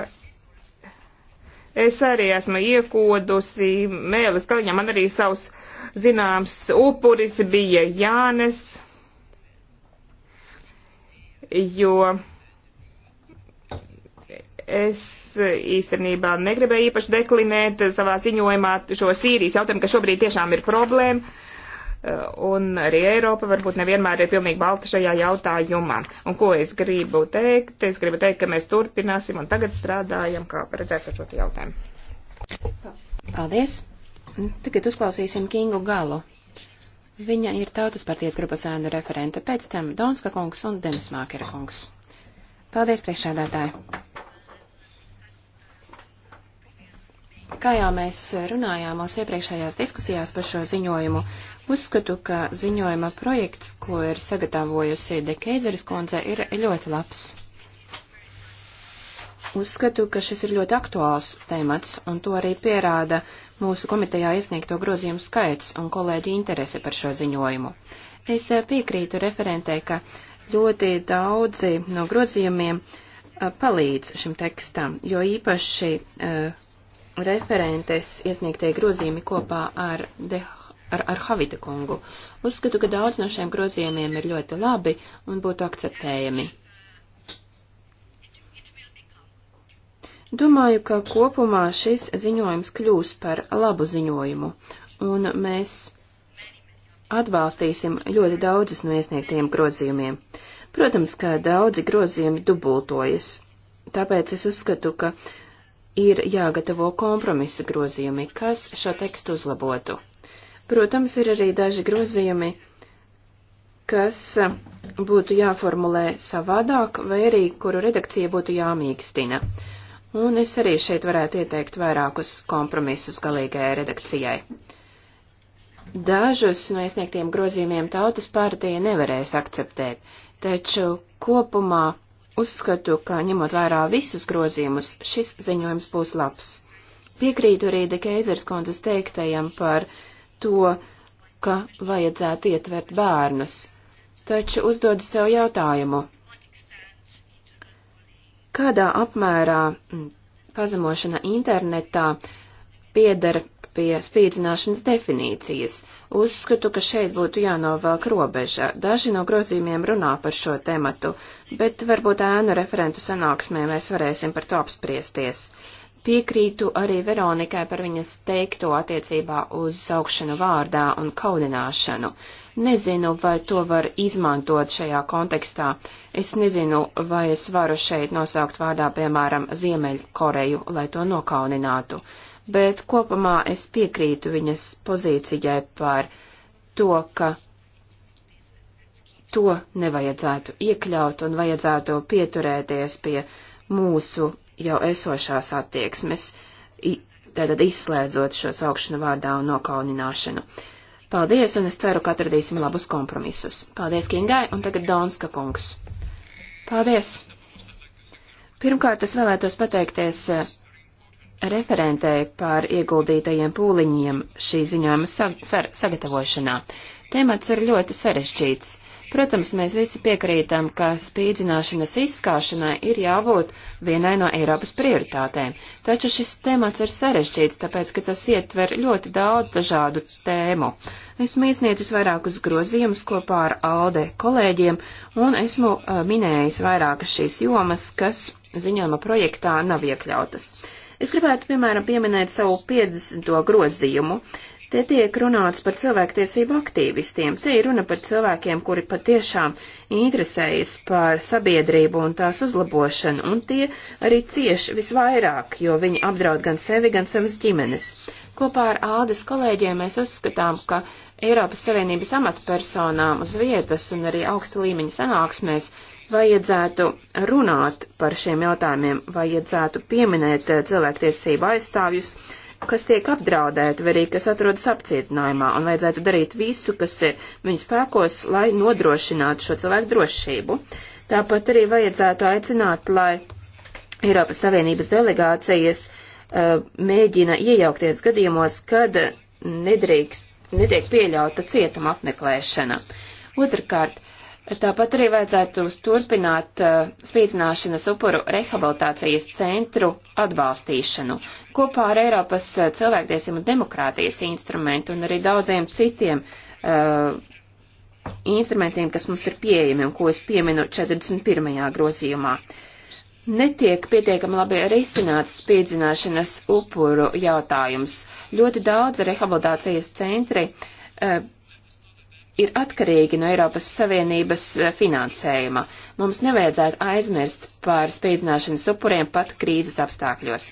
Es arī esmu iekodusi mēlis kalniņā, man arī savs zināms upuris bija Jānes, jo es īstenībā negribēju īpaši deklinēt savā ziņojumā šo Sīrijas jautājumu, ka šobrīd tiešām ir problēma un arī Eiropa varbūt nevienmēr ir pilnīgi balta šajā jautājumā. Un ko es gribu teikt? Es gribu teikt, ka mēs turpināsim un tagad strādājam, kā paredzēts ar šo jautājumu. Paldies! Tagad uzklausīsim Kingu Galu. Viņa ir Tautas partijas grupas ēnu referente, pēc tam Donska kungs un Demsmākera kungs. Paldies, priekšādātāji! Kā jau mēs runājām mūsu iepriekšējās diskusijās par šo ziņojumu, Uzskatu, ka ziņojuma projekts, ko ir sagatavojusi Dekeizeris kundze, ir ļoti labs. Uzskatu, ka šis ir ļoti aktuāls temats, un to arī pierāda mūsu komitejā iesniegto grozījumu skaits un kolēģu interese par šo ziņojumu. Es eh, piekrītu referentē, ka ļoti daudzi no grozījumiem eh, palīdz šim tekstam, jo īpaši uh, referentes iesniegtie grozījumi kopā ar De ar, ar Havita kungu. Uzskatu, ka daudz no šiem grozījumiem ir ļoti labi un būtu akceptējami. Domāju, ka kopumā šis ziņojums kļūs par labu ziņojumu, un mēs atbalstīsim ļoti daudzus no iesniegtiem grozījumiem. Protams, ka daudzi grozījumi dubultojas, tāpēc es uzskatu, ka ir jāgatavo kompromisa grozījumi, kas šo tekstu uzlabotu. Protams, ir arī daži grozījumi, kas būtu jāformulē savādāk, vai arī kuru redakcija būtu jāmīkstina. Un es arī šeit varētu ieteikt vairākus kompromisus galīgajai redakcijai. Dažus no iesniegtiem grozījumiem tautas pārtīja nevarēs akceptēt, taču kopumā uzskatu, ka ņemot vērā visus grozījumus, šis ziņojums būs labs. Piekrītu arī Dekeizers kundzes teiktajam par uh, to, ka vajadzētu ietvert bērnus, taču uzdodu sev jautājumu, kādā apmērā mm, pazemošana internetā pieder pie spīdzināšanas definīcijas. Uzskatu, ka šeit būtu jānovelk robeža. Daži no grozījumiem runā par šo tematu, bet varbūt ēnu referentu sanāksmē mēs varēsim par to apspriesties. Piekrītu arī Veronikai par viņas teikto attiecībā uz saukšanu vārdā un kaudināšanu. Nezinu, vai to var izmantot šajā kontekstā. Es nezinu, vai es varu šeit nosaukt vārdā, piemēram, Ziemeļkoreju, lai to nokauninātu. Bet kopumā es piekrītu viņas pozīcijai par to, ka to nevajadzētu iekļaut un vajadzētu pieturēties pie mūsu jau esošās attieksmes, tātad izslēdzot šo saukšanu vārdā un nokaunināšanu. Paldies, un es ceru, ka atradīsim labus kompromisus. Paldies, Kingai, un tagad Donska kungs. Paldies! Pirmkārt, es vēlētos pateikties eh, referentei par ieguldītajiem pūliņiem šī ziņojuma sag sagatavošanā. Temats ir ļoti sarežģīts. Protams, mēs visi piekrītam, ka spīdzināšanas izskaušanai ir jābūt vienai no Eiropas prioritātēm, taču šis temats ir sarežģīts, tāpēc, ka tas ietver ļoti daudz dažādu tēmu. Esmu iesniedzis vairākus grozījumus kopā ar ALDE kolēģiem, un esmu uh, minējis vairākas šīs jomas, kas ziņojuma projektā nav iekļautas. Es gribētu, piemēram, pieminēt savu 50. grozījumu. Te tiek runāts par cilvēktiesību aktīvistiem. Te ir runa par cilvēkiem, kuri patiešām interesējas par sabiedrību un tās uzlabošanu, un tie arī cieš visvairāk, jo viņi apdraud gan sevi, gan savas ģimenes. Kopā ar Ādas kolēģiem mēs uzskatām, ka Eiropas Savienības amatpersonām uz vietas un arī augsta līmeņa sanāksmēs vajadzētu runāt par šiem jautājumiem, vajadzētu pieminēt eh, cilvēktiesību aizstāvjus kas tiek apdraudēti, vai arī kas atrodas apcietinājumā, un vajadzētu darīt visu, kas ir viņu spēkos, lai nodrošinātu šo cilvēku drošību. Tāpat arī vajadzētu aicināt, lai Eiropas Savienības delegācijas uh, mēģina iejaukties gadījumos, kad nedrīkst, netiek pieļauta cietuma apmeklēšana. Otrakārt, uh, Tāpat arī vajadzētu turpināt uh, spīdzināšanas upuru rehabilitācijas centru atbalstīšanu kopā ar Eiropas uh, cilvēktiesību un demokrātijas instrumentu un arī daudziem citiem uh, instrumentiem, kas mums ir pieejami un ko es pieminu 41. grozījumā. Netiek pietiekami labi risināts spīdzināšanas upuru jautājums. Ļoti daudz rehabilitācijas centri uh, ir atkarīgi no Eiropas Savienības eh, finansējuma. Mums nevajadzētu aizmirst par spīdzināšanas upuriem pat krīzes apstākļos.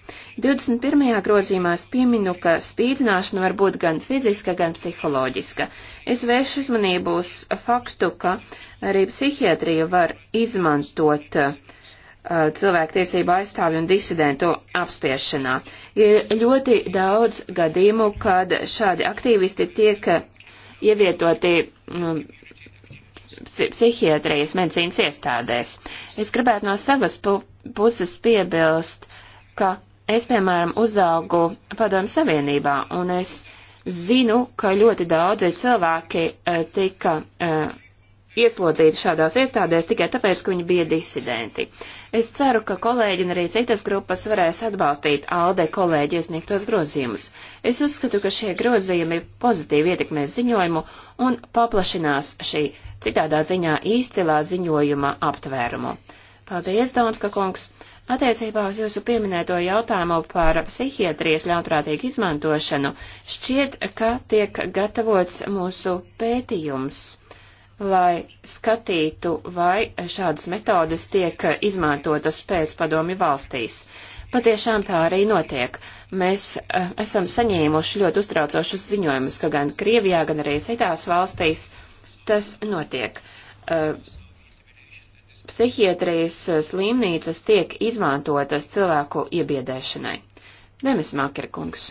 21. grozījumā es pieminu, ka spīdzināšana var būt gan fiziska, gan psiholoģiska. Es vēršu uzmanību uz faktu, ka arī psihiatrija var izmantot uh, cilvēktiesību aizstāvju un disidentu apspiešanā. Ir ļoti daudz gadījumu, kad šādi aktīvisti tiek eh, ievietoti um, psihiatrijas medicīnas iestādēs. Es gribētu no savas pu puses piebilst, ka es, piemēram, uzaugu Padomu Savienībā, un es zinu, ka ļoti daudzi cilvēki uh, tika uh, ieslodzīti šādās iestādēs tikai tāpēc, ka viņi bija disidenti. Es ceru, ka kolēģi un arī citas grupas varēs atbalstīt ALDE kolēģi iesniegtos grozījumus. Es uzskatu, ka šie grozījumi pozitīvi ietekmēs ziņojumu un paplašinās šī citādā ziņā īstilā ziņojuma aptvērumu. Paldies, Daunska kungs! Attiecībā uz jūsu pieminēto jautājumu par psihiatrijas ļaunprātīgu izmantošanu, šķiet, ka tiek gatavots mūsu pētījums lai skatītu, vai šādas metodas tiek izmantotas pēc padomi valstīs. Patiešām tā arī notiek. Mēs uh, esam saņēmuši ļoti uztraucošus ziņojumus, ka gan Krievijā, gan arī citās valstīs tas notiek. Uh, psihiatrijas eh, slimnīcas tiek izmantotas cilvēku iebiedēšanai. Demis Makerkungs.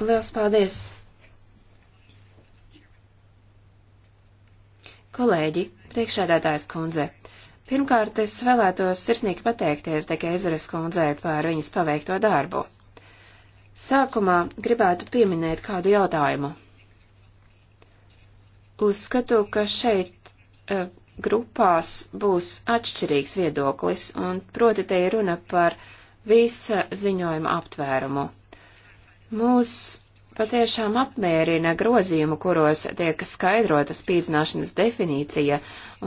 Liels paldies! Kolēģi, priekšēdētājs kundze, pirmkārt es vēlētos sirsnīgi pateikties Dekeizeres kundzei par viņas paveikto darbu. Sākumā gribētu pieminēt kādu jautājumu. Uzskatu, ka šeit e, grupās būs atšķirīgs viedoklis, un proti te ir runa par visa ziņojuma aptvērumu. Mūs patiešām apmierina grozījumu, kuros tiek skaidrota spīdzināšanas definīcija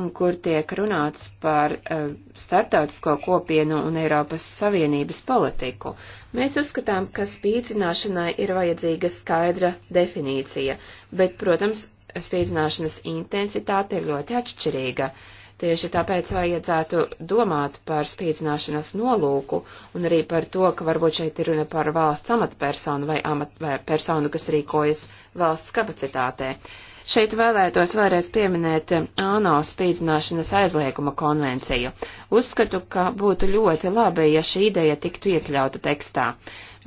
un kur tiek runāts par uh, starptautisko kopienu un Eiropas Savienības politiku. Mēs uzskatām, ka spīdzināšanai ir vajadzīga skaidra definīcija, bet, protams, spīdzināšanas intensitāte ir ļoti atšķirīga. Uh, Tieši tāpēc vajadzētu domāt par spīdzināšanas nolūku un arī par to, ka varbūt šeit ir runa par valsts amatpersonu vai, amat, vai personu, kas rīkojas valsts kapacitātē. Šeit vēlētos vēlreiz pieminēt ANO spīdzināšanas aizlieguma konvenciju. Uzskatu, ka būtu ļoti labi, ja šī ideja tiktu iekļauta tekstā.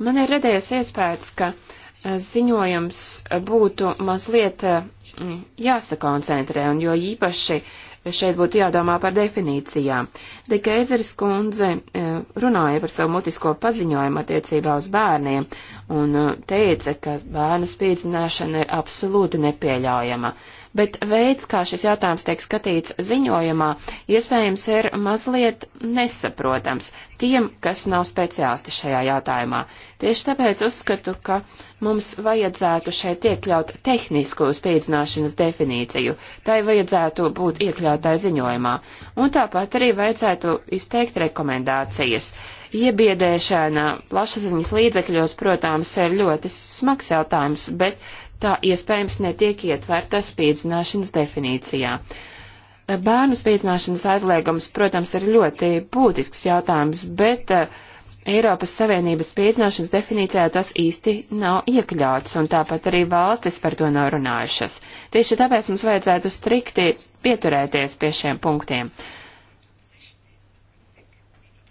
Man ir redzējies iespējas, ka eh, ziņojums būtu mazliet eh, jāsakoncentrē, un jo īpaši uh, šeit būtu jādomā par definīcijām. Dekeizeris kundze e, runāja par savu mutisko paziņojumu attiecībā uz bērniem un e, teica, ka bērnu spīdzināšana ir absolūti nepieļaujama bet veids, kā šis jautājums tiek skatīts ziņojumā, iespējams ir mazliet nesaprotams tiem, kas nav speciālisti šajā jautājumā. Tieši tāpēc uzskatu, ka mums vajadzētu šeit iekļaut tehnisko spīdzināšanas definīciju, tai vajadzētu būt iekļautai ziņojumā, un tāpat arī vajadzētu izteikt rekomendācijas. Iebiedēšana plašsaziņas līdzekļos, protams, ir ļoti smags jautājums, bet tā iespējams netiek ietverta spīdzināšanas definīcijā. Bērnu spīdzināšanas aizliegums, protams, ir ļoti būtisks jautājums, bet eh, Eiropas Savienības spīdzināšanas definīcijā tas īsti nav iekļauts, un tāpat arī valstis par to nav runājušas. Tieši tāpēc mums vajadzētu strikti pieturēties pie šiem punktiem.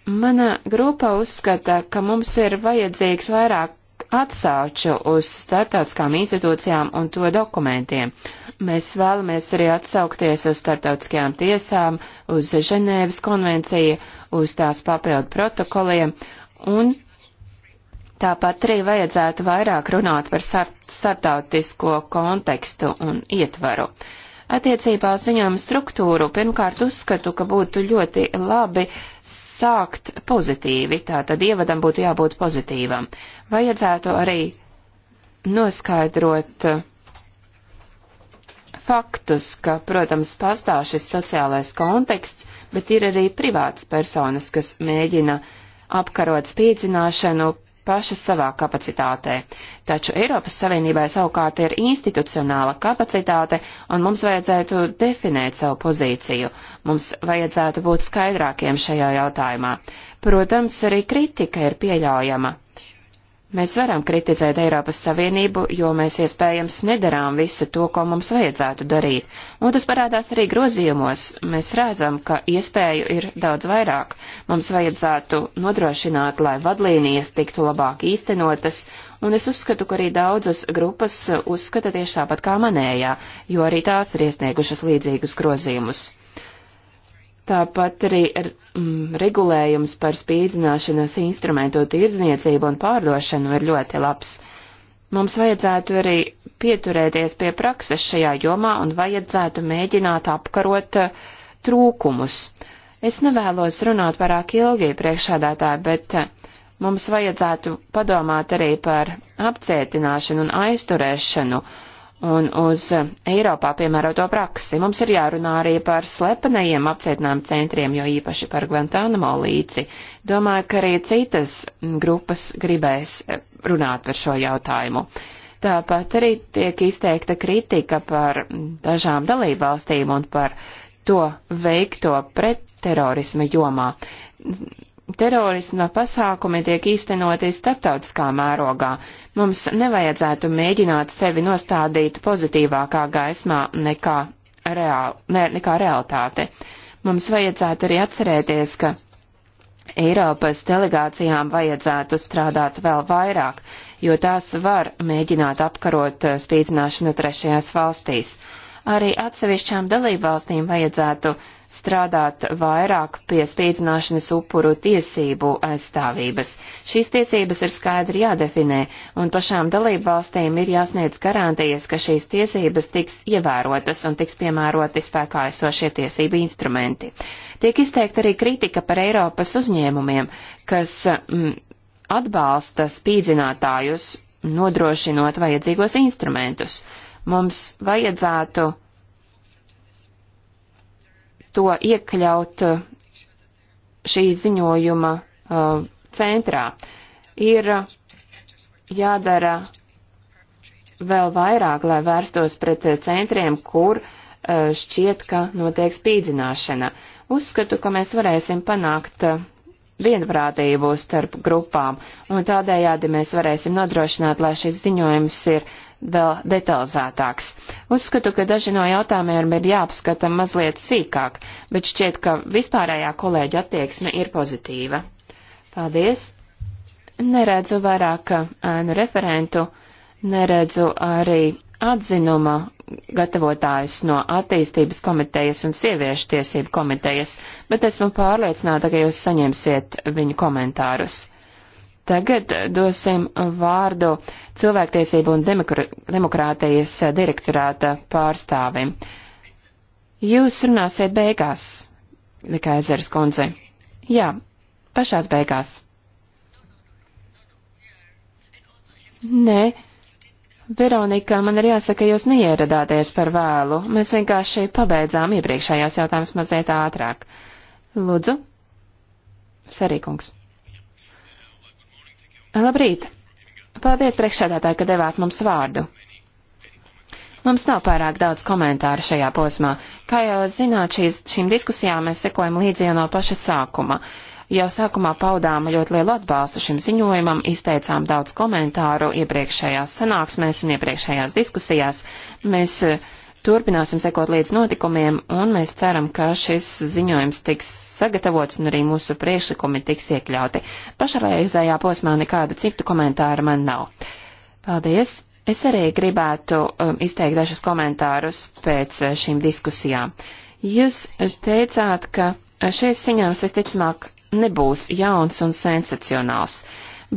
Mana grupa uzskata, ka mums ir vajadzīgs vairāk atsauču uz starptautiskām institūcijām un to dokumentiem. Mēs vēlamies arī atsaukties uz starptautiskajām tiesām, uz Ženēvas konvenciju, uz tās papildu protokoliem un Tāpat arī vajadzētu vairāk runāt par startautisko kontekstu un ietvaru. Attiecībā uz viņām struktūru pirmkārt uzskatu, ka būtu ļoti labi sākt pozitīvi, tātad ievadam būtu jābūt pozitīvam. Vajadzētu arī noskaidrot uh, faktus, ka, protams, pastāv šis sociālais konteksts, bet ir arī privātas personas, kas mēģina apkarot spīdzināšanu, pašas savā kapacitātē. Taču Eiropas Savienībai savukārt ir institucionāla kapacitāte, un mums vajadzētu definēt savu pozīciju. Mums vajadzētu būt skaidrākiem šajā jautājumā. Protams, arī kritika ir pieļaujama. Mēs varam kritizēt Eiropas Savienību, jo mēs iespējams nedarām visu to, ko mums vajadzētu darīt. Un tas parādās arī grozījumos. Mēs redzam, ka iespēju ir daudz vairāk. Mums vajadzētu nodrošināt, lai vadlīnijas tiktu labāk īstenotas, un es uzskatu, ka arī daudzas grupas uzskata tieši tāpat kā manējā, jo arī tās ir iesniegušas līdzīgus grozījumus. Tāpat arī mm, regulējums par spīdzināšanas instrumentu tirdzniecību un pārdošanu ir ļoti labs. Mums vajadzētu arī pieturēties pie prakses šajā jomā un vajadzētu mēģināt apkarot eh, trūkumus. Es nevēlos runāt pārāk ilgi priekšādātāji, bet eh, mums vajadzētu padomāt arī par apcietināšanu un aizturēšanu un uz eh, Eiropā piemēroto praksi. Mums ir jārunā arī par slepenajiem apcietinājumu centriem, jo īpaši par Guantanamo līci. Domāju, ka arī citas grupas gribēs eh, runāt par šo jautājumu. Tāpat arī tiek izteikta kritika par mm, dažām dalībvalstīm un par to veikto pretterorisma jomā terorisma pasākumi tiek īstenoti starptautiskā mērogā. Mums nevajadzētu mēģināt sevi nostādīt pozitīvākā gaismā nekā, reāli, ne, nekā realitāte. Mums vajadzētu arī atcerēties, ka Eiropas delegācijām vajadzētu strādāt vēl vairāk, jo tās var mēģināt apkarot eh, spīdzināšanu trešajās valstīs. Arī atsevišķām dalībvalstīm vajadzētu uh, strādāt vairāk pie spīdzināšanas upuru tiesību aizstāvības. Šīs tiesības ir skaidri jādefinē, un pašām dalību valstīm ir jāsniedz garantijas, ka šīs tiesības tiks ievērotas un tiks piemēroti spēkā esošie tiesību instrumenti. Tiek izteikta arī kritika par Eiropas uzņēmumiem, kas mm, atbalsta spīdzinātājus, nodrošinot vajadzīgos instrumentus. Mums vajadzētu to iekļaut uh, šī ziņojuma uh, centrā. Ir jādara vēl vairāk, lai vērstos pret centriem, kur uh, šķiet, ka notiek spīdzināšana. Uzskatu, ka mēs varēsim panākt uh, vienprātību starp grupām, un tādējādi mēs varēsim nodrošināt, lai šis ziņojums ir vēl detalizētāks. Uzskatu, ka daži no jautājumiem ir jāapskata mazliet sīkāk, bet šķiet, ka vispārējā kolēģa attieksme ir pozitīva. Paldies! Neredzu vairāk uh, ēnu referentu, neredzu arī atzinuma gatavotājus no attīstības komitejas un sieviešu tiesību komitejas, bet esmu pārliecināta, ka jūs saņemsiet viņu komentārus. Tagad dosim vārdu cilvēktiesību un demokrātijas direktorāta pārstāvim. Jūs runāsiet beigās, Lika Ezeras kundze. Jā, pašās beigās. Nē, Veronika, man ir jāsaka, jūs neieradāties par vēlu. Mēs vienkārši pabeidzām iepriekšējās jautājumas mazliet ātrāk. Lūdzu, Sarīkungs. Labrīt! Paldies priekšsēdētāji, ka devāt mums vārdu. Mums nav pārāk daudz komentāru šajā posmā. Kā jau zināt, šīs, šīm diskusijām mēs sekojam līdzi jau no paša sākuma. Jau sākumā paudām ļoti lielu atbalstu šim ziņojumam, izteicām daudz komentāru iepriekšējās sanāksmēs un iepriekšējās diskusijās. Mēs uh, Turpināsim sekot līdz notikumiem, un mēs ceram, ka šis ziņojums tiks sagatavots un arī mūsu priekšlikumi tiks iekļauti. Pašreizējā posmā nekādu citu komentāru man nav. Paldies! Es arī gribētu um, izteikt dažus komentārus pēc uh, šīm diskusijām. Jūs teicāt, ka šīs ziņojums visticamāk nebūs jauns un sensacionāls,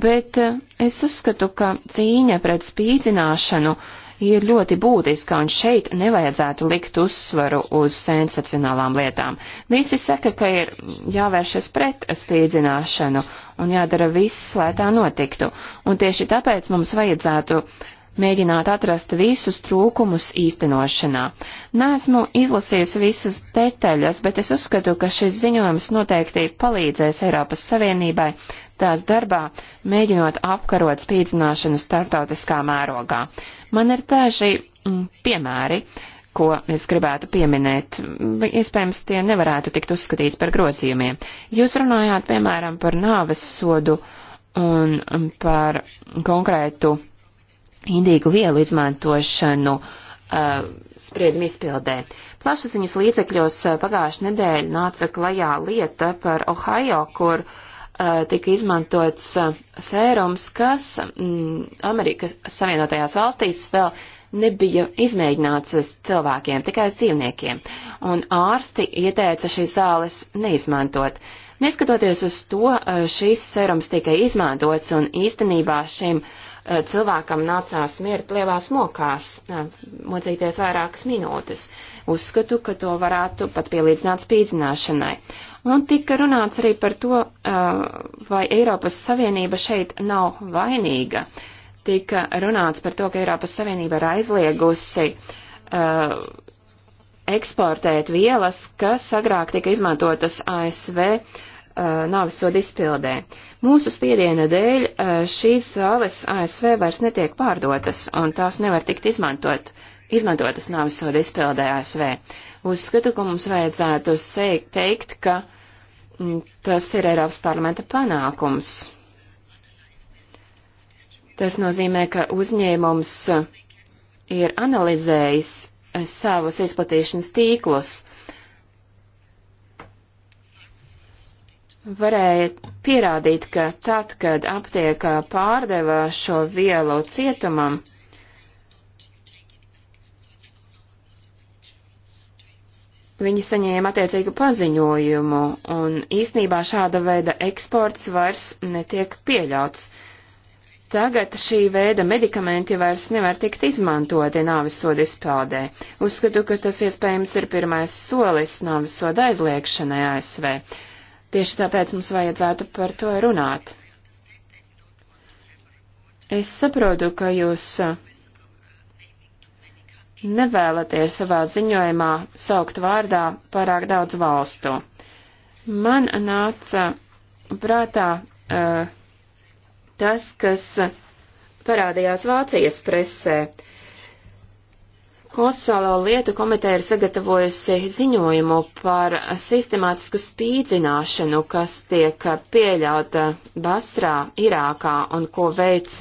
bet uh, es uzskatu, ka cīņa pret spīdzināšanu uh, ir ļoti būtiska, un šeit nevajadzētu likt uzsvaru uz sensacionālām lietām. Visi saka, ka ir jāvēršas pret spīdzināšanu un jādara viss, lai tā notiktu, un tieši tāpēc mums vajadzētu uh, mēģināt atrast visus trūkumus īstenošanā. Nesmu izlasījusi visas detaļas, bet es uzskatu, ka šis ziņojums noteikti palīdzēs Eiropas Savienībai tās darbā, mēģinot apkarot spīdzināšanu startautiskā mērogā. Man ir daži mm, piemēri, ko es gribētu pieminēt. Iespējams, tie nevarētu tikt uzskatīti par grozījumiem. Jūs runājāt, piemēram, par nāves sodu un par konkrētu indīgu vielu izmantošanu uh, spriedumu izpildē. Plašsaziņas līdzekļos uh, pagājušajā nedēļā nāca klajā lieta par Ohio, kur uh, tika izmantots uh, sērums, kas mm, Amerikas Savienotajās valstīs vēl nebija izmēģināts cilvēkiem, tikai uz dzīvniekiem, un ārsti ieteica šīs zāles neizmantot. Neskatoties uz to, uh, šīs serums tika izmantots, un īstenībā šim uh, Eh, cilvēkam nācās mirt lielās mokās, eh, mocīties vairākas minūtes. Uzskatu, ka to varētu pat pielīdzināt spīdzināšanai. Un tika runāts arī par to, eh, vai Eiropas Savienība šeit nav vainīga. Tika runāts par to, ka Eiropas Savienība ir aizliegusi eksportēt vielas, kas agrāk tika izmantotas ASV Uh, nāvisodu izpildē. Mūsu spiediena dēļ uh, šīs zāles ASV vairs netiek pārdotas, un tās nevar tikt izmantot, izmantotas nāvisodu izpildē ASV. Uzskatu, ka mums vajadzētu teikt, ka mm, tas ir Eiropas parlamenta panākums. Tas nozīmē, ka uzņēmums ir analizējis savus izplatīšanas tīklus varēja pierādīt, ka tad, kad aptiekā pārdeva šo vielu cietumam, viņi saņēma attiecīgu paziņojumu, un īsnībā šāda veida eksports vairs netiek pieļauts. Tagad šī veida medikamenti vairs nevar tikt izmantoti nāvis soda izpildē. Uzskatu, ka tas iespējams ir pirmais solis nāvis soda aizliekšanai ASV. Tieši tāpēc mums vajadzētu par to runāt. Es saprotu, ka jūs uh, nevēlaties savā ziņojumā saukt vārdā pārāk daudz valstu. Man nāca prātā uh, tas, kas parādījās Vācijas presē. Uh, Kosovo lietu komiteja ir sagatavojusi ziņojumu par sistemātisku spīdzināšanu, kas tiek pieļauta Basrā, Irākā un ko veic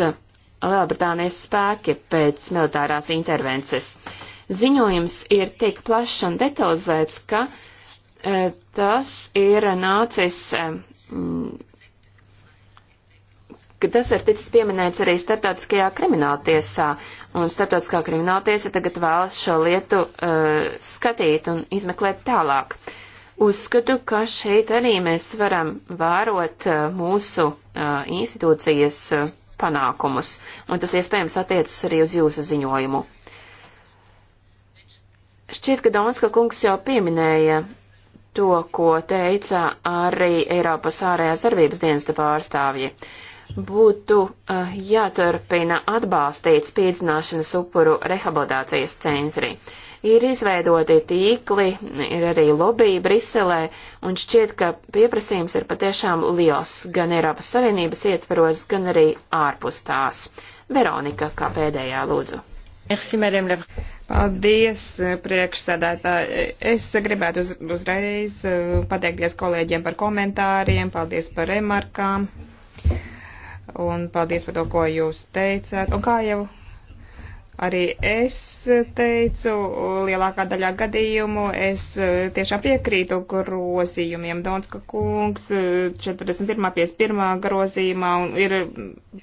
Lielbritānijas spēki pēc militārās intervences. Ziņojums ir tik plašs un detalizēts, ka e, tas ir nācis e, ka tas ir ticis pieminēts arī starptautiskajā krimināltiesā. tiesā un starptautiskā krimināltiesa tagad vēlas šo lietu uh, skatīt un izmeklēt tālāk. Uzskatu, ka šeit arī mēs varam vērot uh, mūsu uh, institūcijas uh, panākumus, un tas iespējams attiecas arī uz jūsu ziņojumu. Šķiet, ka Donska kungs jau pieminēja to, ko teica arī Eiropas ārējās darbības dienesta pārstāvji. Uh, būtu uh, jāturpina atbalstīt spīdzināšanas upuru rehabilitācijas centri. Ir izveidoti tīkli, ir arī lobby Briselē, un šķiet, ka pieprasījums ir patiešām liels gan Eiropas Savienības ietvaros, gan arī ārpus tās. Veronika, kā pēdējā lūdzu. Paldies, eh, priekšsēdētāji. Es gribētu uz, uzreiz eh, pateikties kolēģiem par komentāriem, paldies par remarkām un paldies par to, ko jūs teicāt. Un kā jau arī es teicu, lielākā daļā gadījumu es eh, tiešām piekrītu grozījumiem. Donska kungs 41.51. Eh, grozījumā un ir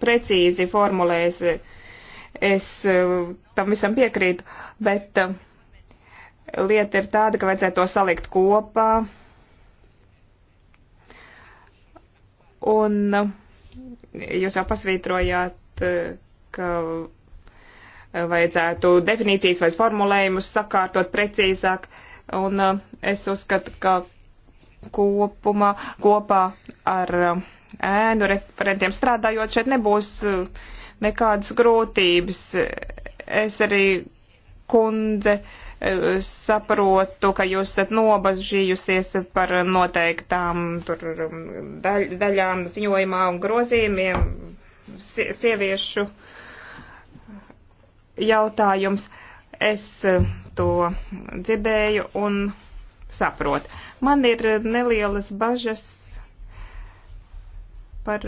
precīzi formulējis. Es eh, tam visam piekrītu, bet lieta ir tāda, ka vajadzētu to salikt kopā. Un uh, Jūs jau pasvītrojāt, eh, ka vajadzētu definīcijas vai formulējumus sakārtot precīzāk, un eh, es uzskatu, ka kopumā, kopā ar eh, ēnu referentiem strādājot, šeit nebūs nekādas grūtības. Es arī kundze uh, saprotu, ka jūs esat nobažījusies par noteiktām tur, um, daļ, daļām ziņojumā un grozījumiem sieviešu jautājums. Es uh, to dzirdēju un saprotu. Man ir nelielas bažas par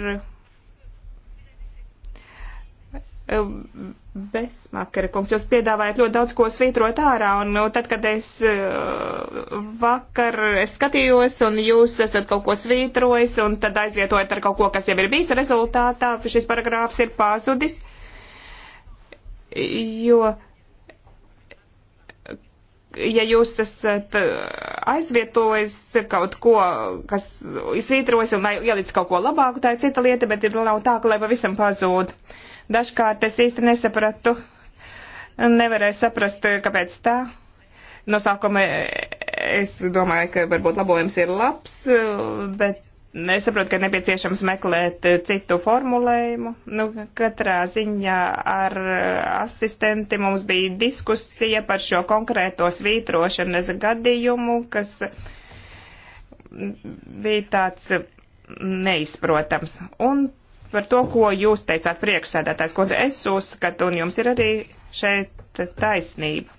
uh, Besmakara kungs, jūs piedāvājat ļoti daudz ko svītrot ārā, un nu, tad, kad es uh, vakar es skatījos, un jūs esat kaut ko svītrojis, un tad aizvietojat ar kaut ko, kas jau ir bijis rezultātā, šis paragrāfs ir pazudis, jo, ja jūs esat uh, aizvietojis kaut ko, kas svītrojis, un ielicis kaut ko labāku, tā ir cita lieta, bet ir nav tā, ka lai pavisam pazūd. Uh, Dažkārt es īsti nesapratu, nevarēju saprast, kāpēc tā. No sākuma es domāju, ka varbūt labojums ir labs, bet nesaprotu, ka nepieciešams meklēt citu formulējumu. Nu, katrā ziņā ar asistenti mums bija diskusija par šo konkrēto svītrošanas gadījumu, kas bija tāds neizprotams. Un par to, ko jūs teicāt priekšsēdētājs, ko es uzskatu, un jums ir arī šeit taisnība.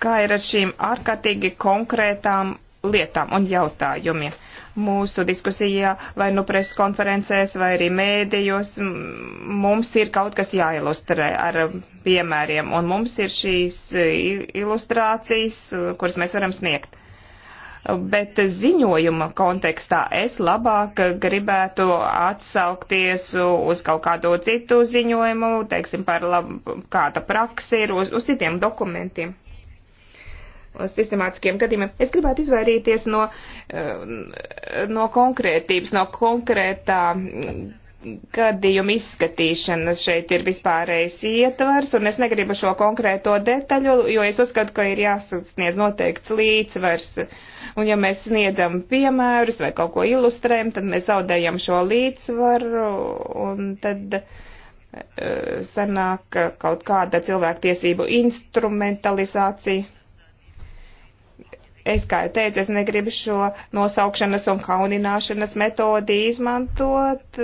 Kā ir ar šīm ārkārtīgi konkrētām lietām un jautājumiem? Mūsu diskusijā vai nu preskonferencēs vai arī mēdījos mums ir kaut kas jāilustrē ar piemēriem, un mums ir šīs ilustrācijas, kuras mēs varam sniegt bet ziņojuma kontekstā es labāk gribētu atsaukties uz kaut kādu citu ziņojumu, teiksim, par lab, kāda praksa ir, uz, uz citiem dokumentiem. Uz sistemātiskiem gadījumiem. Es gribētu izvairīties no, eh, no konkrētības, no konkrētā gadījumu izskatīšana šeit ir vispārējais ietvars, un es negribu šo konkrēto detaļu, jo es uzskatu, ka ir jāsasniedz noteikts līdzsvars. Un ja mēs sniedzam piemērus vai kaut ko ilustrējam, tad mēs zaudējam šo līdzsvaru, un tad uh, sanāk kaut kāda cilvēktiesību instrumentalizācija. Es, kā jau teicu, es negribu šo nosaukšanas un kaunināšanas metodi izmantot,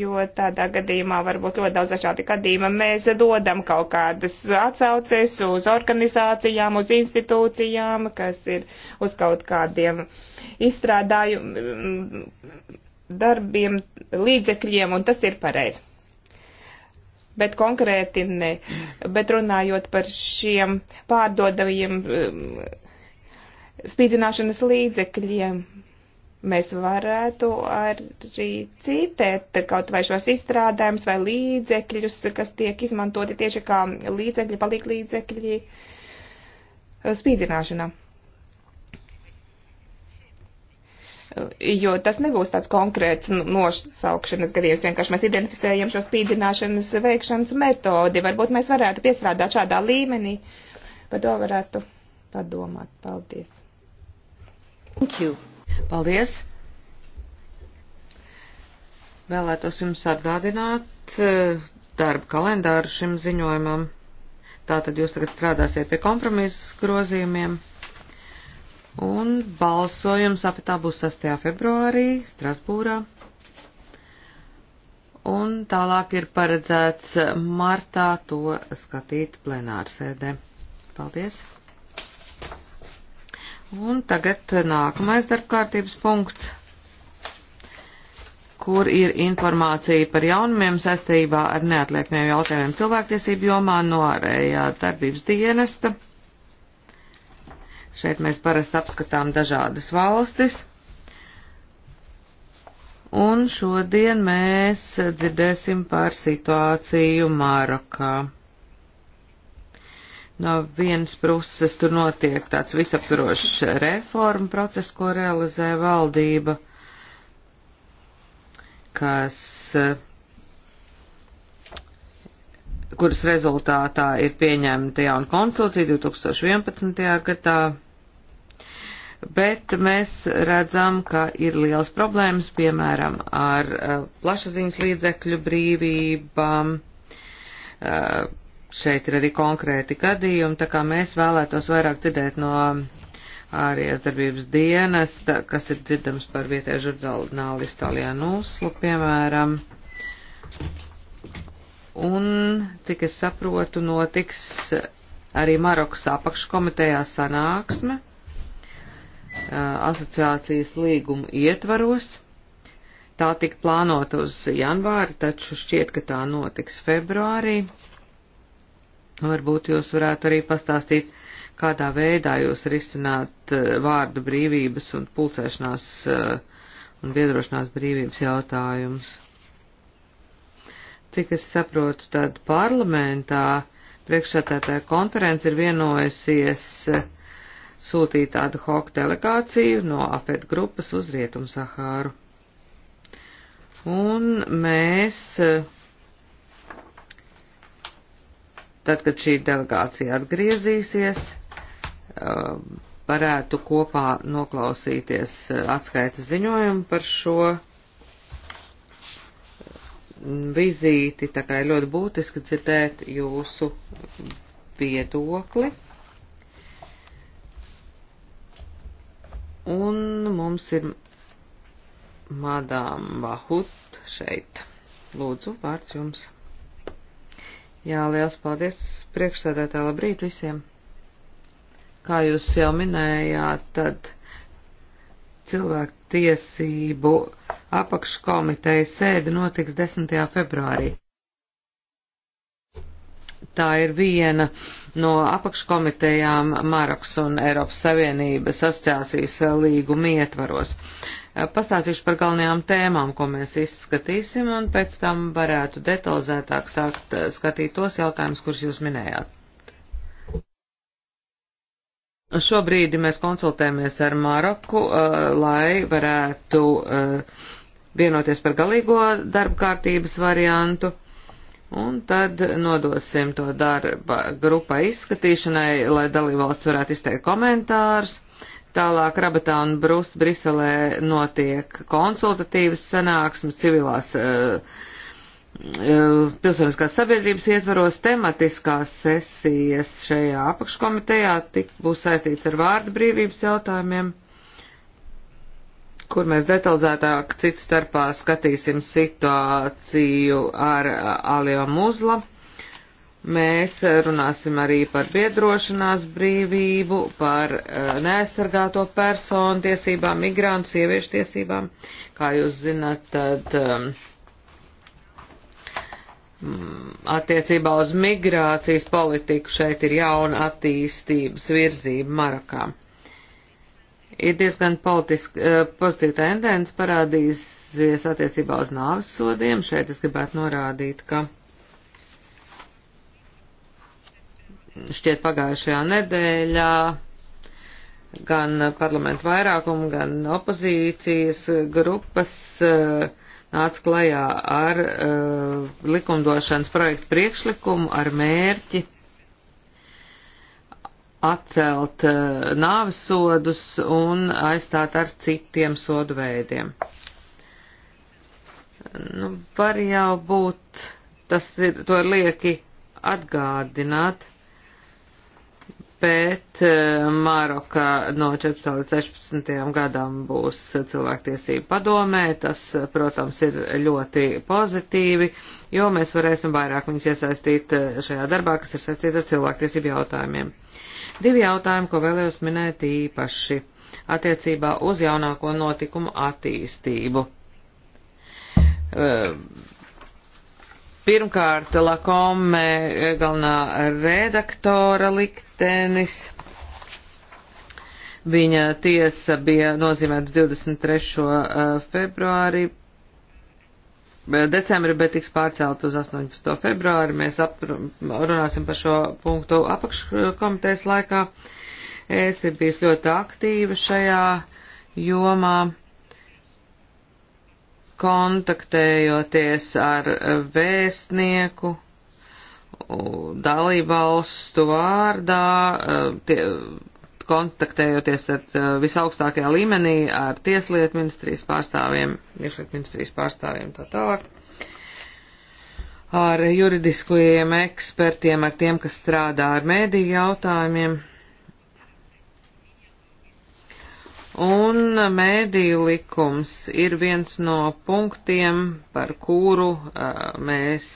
jo tādā gadījumā var būt ļoti daudz dažādi gadījumi. Mēs dodam kaut kādas atsauces uz organizācijām, uz institūcijām, kas ir uz kaut kādiem izstrādājumu darbiem, līdzekļiem, un tas ir pareizi. Bet konkrēti ne. Bet runājot par šiem pārdodaviem spīdzināšanas līdzekļiem. Mēs varētu arī citēt kaut vai šos izstrādājumus vai līdzekļus, kas tiek izmantoti tieši kā līdzekļi, palīk līdzekļi eh, spīdzināšanā. Jo tas nebūs tāds konkrēts nosaukšanas gadījums, vienkārši mēs identificējam šo spīdzināšanas veikšanas metodi. Varbūt mēs varētu piestrādāt šādā līmenī, par to varētu padomāt. Paldies! Paldies! Vēlētos jums atgādināt eh, darba kalendāru šim ziņojumam. Tātad jūs tagad strādāsiet pie kompromisu grozījumiem. Un balsojums apetā būs 6. februārī Strasbūrā. Un tālāk ir paredzēts martā to skatīt plenārsēdē. Paldies! Un tagad nākamais darbkārtības punkts, kur ir informācija par jaunumiem saistībā ar neatliekamiem jautājumiem cilvēktiesību jomā no ārējā darbības dienesta. Šeit mēs parasti apskatām dažādas valstis. Un šodien mēs dzirdēsim par situāciju Marokā. No vienas puses tur notiek tāds visapturošs reforma process, ko realizē valdība, kas, eh, kuras rezultātā ir pieņemta jauna konsultācija 2011. gadā bet mēs redzam, ka ir liels problēmas, piemēram, ar eh, plašsaziņas līdzekļu brīvībām, eh, Šeit ir arī konkrēti gadījumi, tā kā mēs vēlētos vairāk dzirdēt no ārējās darbības dienas, tā, kas ir dzirdams par vietēju žurnālistu Alianu Uslu, piemēram. Un, cik es saprotu, notiks arī Marokas apakškomitejā sanāksme asociācijas līgumu ietvaros. Tā tika plānota uz janvāri, taču šķiet, ka tā notiks februārī. Varbūt jūs varētu arī pastāstīt, kādā veidā jūs risināt eh, vārdu brīvības un pulcēšanās eh, un biedrošanās brīvības jautājumus. Cik es saprotu, tad parlamentā priekšsētātāja konference ir vienojusies eh, sūtīt tādu hok delegāciju no AFET grupas uz Rietumu Sahāru. Un mēs tad, kad šī delegācija atgriezīsies, um, varētu kopā noklausīties uh, atskaita ziņojumu par šo mm, vizīti, tā kā ir ļoti būtiski dzirdēt jūsu viedokli. Un mums ir Madām Vahut šeit. Lūdzu, vārds jums. Jā, liels paldies priekšsēdētā labrīt visiem. Kā jūs jau minējāt, tad cilvēku tiesību apakškomiteja sēde notiks 10. februārī. Tā ir viena no apakškomitejām Maraks un Eiropas Savienības asociācijas līguma ietvaros. Uh, Pastāstīšu par galvenajām tēmām, ko mēs izskatīsim, un pēc tam varētu detalizētāk sākt eh, skatīt tos jautājumus, kurus jūs minējāt. Šobrīd mēs konsultējamies ar Maroku, eh, lai varētu eh, vienoties par galīgo darba kārtības variantu un tad nodosim to darba grupai izskatīšanai, lai dalībvalsts varētu izteikt komentārus, Tālāk Rabatā un Brus, Briselē notiek konsultatīvas sanāksmes civilās uh, pilsoniskās sabiedrības ietvaros tematiskās sesijas šajā apakškomitejā tik būs saistīts ar vārdu brīvības jautājumiem, kur mēs detalizētāk citu starpā skatīsim situāciju ar eh, Alio Muzla. Mēs eh, runāsim arī par biedrošanās brīvību, par eh, neaizsargāto personu tiesībām, migrantu sieviešu tiesībām. Kā jūs zināt, tad um, attiecībā uz migrācijas politiku šeit ir jauna attīstības virzība Marakā. Ir diezgan politiski, eh, pozitīva tendence parādīsies attiecībā uz nāves sodiem. Šeit es gribētu norādīt, ka šķiet pagājušajā nedēļā gan parlamentu vairākumu, gan opozīcijas grupas eh, nāca klajā ar eh, likumdošanas projektu priekšlikumu ar mērķi atcelt eh, nāves sodus un aizstāt ar citiem sodu veidiem. Nu, var jau būt, tas ir, to ir lieki atgādināt bet eh, Maroka no 14 līdz 16 gadam būs cilvēktiesība padomē. Tas, eh, protams, ir ļoti pozitīvi, jo mēs varēsim vairāk viņus iesaistīt eh, šajā darbā, kas ir saistīts ar cilvēktiesību jautājumiem. Divi jautājumi, ko vēlējos minēt īpaši attiecībā uz jaunāko notikumu attīstību. Pirmkārt, Lakome galvenā redaktora liktenis. Viņa tiesa bija nozīmēta 23. Eh, februārī, decembri, bet tiks pārcelt uz 18. februāri. Mēs runāsim par šo punktu apakškomitejas laikā. Es ir bijis ļoti aktīva šajā jomā kontaktējoties ar vēstnieku dalībvalstu vārdā, e, tie, kontaktējoties ar e, visaugstākajā līmenī ar tieslietu ministrijas pārstāvjiem, iekšlietu ministrijas pārstāvjiem tā tālāk, ar juridiskajiem ekspertiem, ar tiem, kas strādā ar mēdīju jautājumiem. Un mēdīju likums ir viens no punktiem, par kuru uh, mēs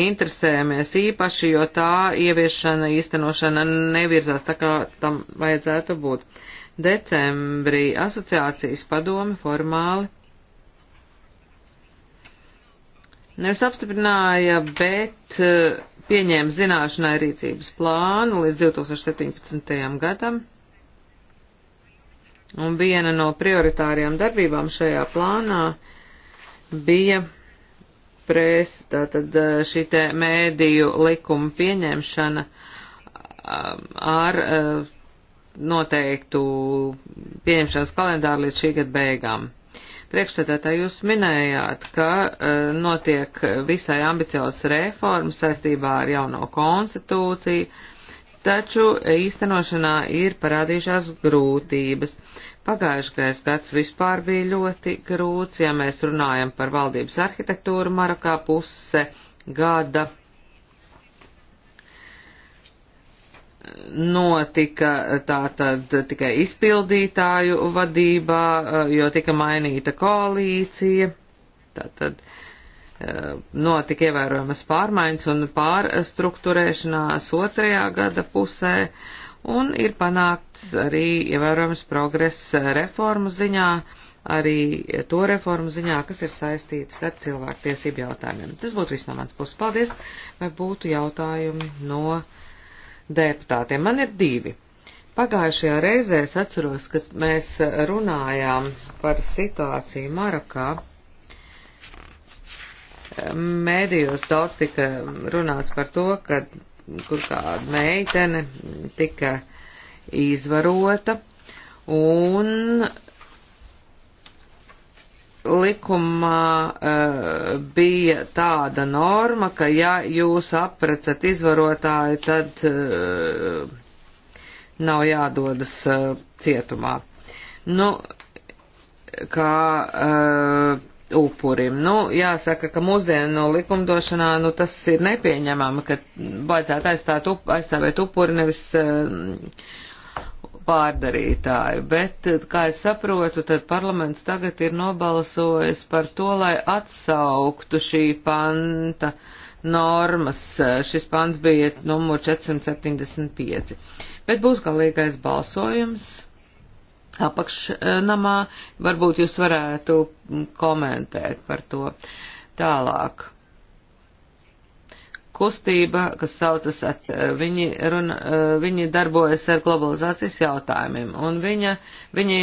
interesējamies īpaši, jo tā ieviešana, īstenošana nevirzās tā, kā tam vajadzētu būt. Decembrī asociācijas padomi formāli nevis apstiprināja, bet uh, pieņēma zināšanai rīcības plānu līdz 2017. gadam Un viena no prioritārajām darbībām šajā plānā bija presa, tātad šī te mēdīju likuma pieņemšana ar noteiktu pieņemšanas kalendāru līdz šī gada beigām. Priekšstādātā jūs minējāt, ka notiek visai ambiciozas reformas saistībā ar jauno konstitūciju, taču īstenošanā ir parādījušās grūtības. Pagājušais gads vispār bija ļoti grūts, ja mēs runājam par valdības arhitektūru Marakā puse gada. Notika tātad tikai izpildītāju vadībā, jo tika mainīta koalīcija. Tātad uh, Eh, notika ievērojamas pārmaiņas un pārstruktūrēšanās otrajā gada pusē, un ir panākts arī ievērojams progress reformu ziņā, arī to reformu ziņā, kas ir saistītas ar cilvēktiesību jautājumiem. Tas būtu viss no mans puses. Paldies, vai būtu jautājumi no deputātiem. Man ir divi. Pagājušajā reizē es atceros, kad mēs runājām par situāciju Marokā Mēdījos daudz tika runāts par to, ka kur kāda meitene tika izvarota un likumā uh, bija tāda norma, ka ja jūs aprecat izvarotāju, tad uh, nav jādodas uh, cietumā. Nu, kā uh, upurim. Nu, jāsaka, ka mūsdienu likumdošanā nu, tas ir nepieņemami, ka vajadzētu aizstāt, up, aizstāvēt upuri nevis eh, pārdarītāju, bet, eh, kā es saprotu, tad parlaments tagad ir nobalsojis par to, lai atsauktu šī panta normas. Šis pants bija numur 475. Bet būs galīgais balsojums apakšnamā. Varbūt jūs varētu komentēt par to tālāk. Kustība, kas saucas, at, viņi, runa, viņi darbojas ar globalizācijas jautājumiem, un viņa, viņi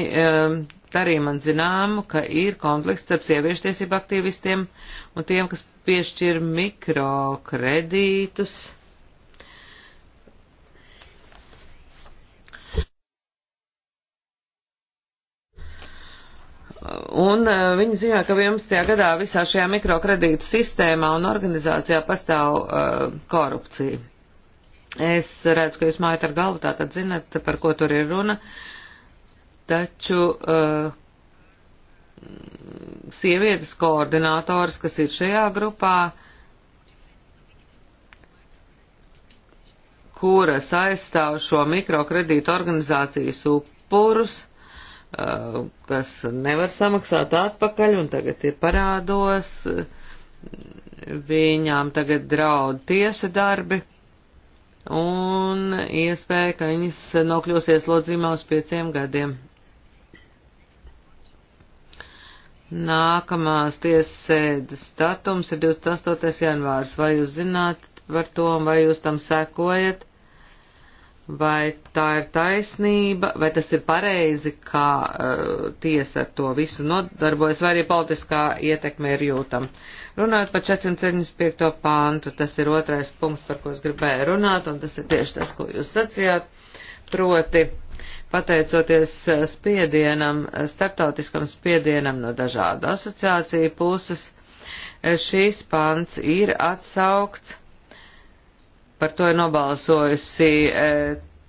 darīja um, man zināmu, ka ir konflikts ar sieviešu tiesību aktīvistiem un tiem, kas piešķir mikrokredītus. Un e, viņi ziņo, ka 11. gadā visā šajā mikrokredītu sistēmā un organizācijā pastāv uh, korupcija. Es redzu, ka jūs mājat ar galvu, tātad zinat, par ko tur ir runa. Taču uh, sievietes koordinators, kas ir šajā grupā, kuras aizstāv šo mikrokredītu organizācijas upurus, Uh, kas nevar samaksāt atpakaļ un tagad ir parādos, viņām tagad draud tiesa darbi un iespēja, ka viņas nokļūsies lodzījumā uz pieciem gadiem. Nākamās tiesas sēdes datums ir 28. janvārs. Vai jūs zināt par to un vai jūs tam sekojat? vai tā ir taisnība, vai tas ir pareizi, kā uh, tiesa ar to visu nodarbojas, vai arī politiskā ietekme ir jūtama. Runājot par 475. pāntu, tas ir otrais punkts, par ko es gribēju runāt, un tas ir tieši tas, ko jūs sacījāt. Proti, pateicoties uh, spiedienam, uh, starptautiskam spiedienam no dažādu asociāciju puses, uh, šīs pants ir atsaukts Par to ir nobalsojusi e,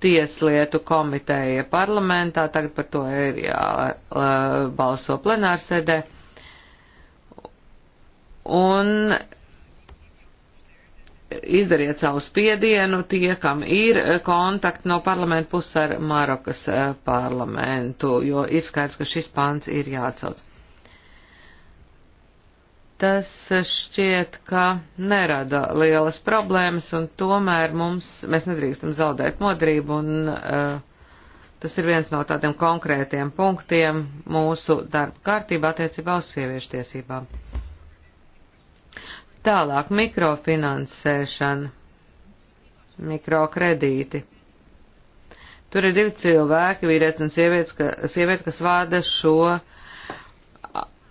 Tieslietu komiteja parlamentā, tagad par to ir jābalso e, plenārsēdē. Un izdariet savu spiedienu tie, kam ir kontakti no parlamenta puses ar Marokas e, parlamentu, jo ir skaidrs, ka šis pāns ir jāatsauc tas šķiet, ka nerada lielas problēmas, un tomēr mums, mēs nedrīkstam zaudēt modrību, un uh, tas ir viens no tādiem konkrētiem punktiem mūsu darba kārtībā attiecībā uz sieviešu tiesībām. Tālāk mikrofinansēšana, mikrokredīti. Tur ir divi cilvēki, vīrietis un sievietes, ka, sieviete, kas vada šo uh,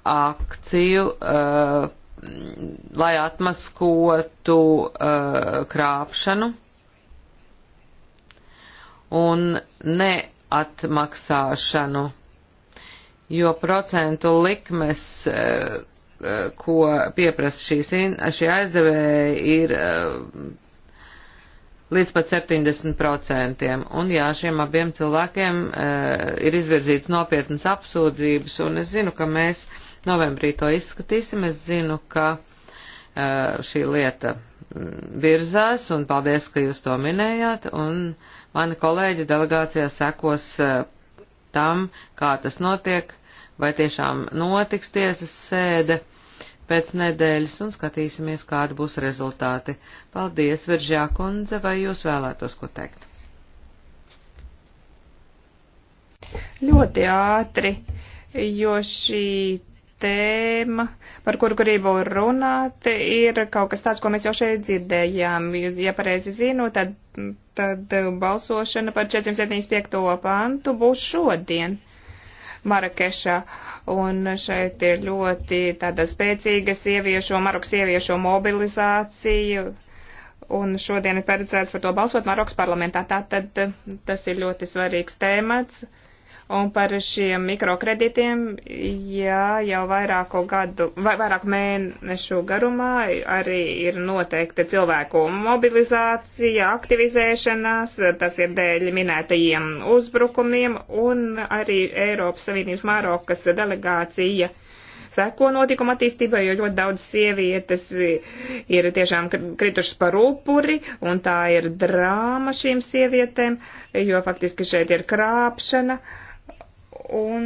akciju, uh, lai atmaskotu uh, krāpšanu un neatmaksāšanu, jo procentu likmes, uh, ko pieprasa šīs, šie aizdevēji, ir līdz pat 70%. Un jā, šiem abiem cilvēkiem uh, ir izvirzīts nopietnas apsūdzības, un es zinu, ka mēs uh, Novembrī to izskatīsim. Es zinu, ka šī lieta virzās, un paldies, ka jūs to minējāt, un mani kolēģi delegācijā sekos tam, kā tas notiek, vai tiešām notiks tiesas sēde pēc nedēļas, un skatīsimies, kādi būs rezultāti. Paldies, Viržjā kundze, vai jūs vēlētos ko teikt? Ļoti ātri, jo šī tēma, par kuru gribu runāt, ir kaut kas tāds, ko mēs jau šeit dzirdējām. Ja pareizi zinu, tad, tad balsošana par 475. pantu būs šodien Marakešā. Un šeit ir ļoti tāda spēcīga sieviešu, Marokas sieviešu mobilizācija. Un šodien ir paredzēts par to balsot Marokas parlamentā. Tātad tas ir ļoti svarīgs tēmats Un par šiem mikrokredītiem, jā, jau vairāku gadu, vai vairāku mēnešu garumā arī ir noteikta cilvēku mobilizācija, aktivizēšanās, tas ir dēļ minētajiem uzbrukumiem, un arī Eiropas Savienības Mārokas delegācija seko notikuma attīstībai, jo ļoti daudz sievietes ir tiešām kritušas par upuri, un tā ir drāma šīm sievietēm, jo faktiski šeit ir krāpšana. Uh, Un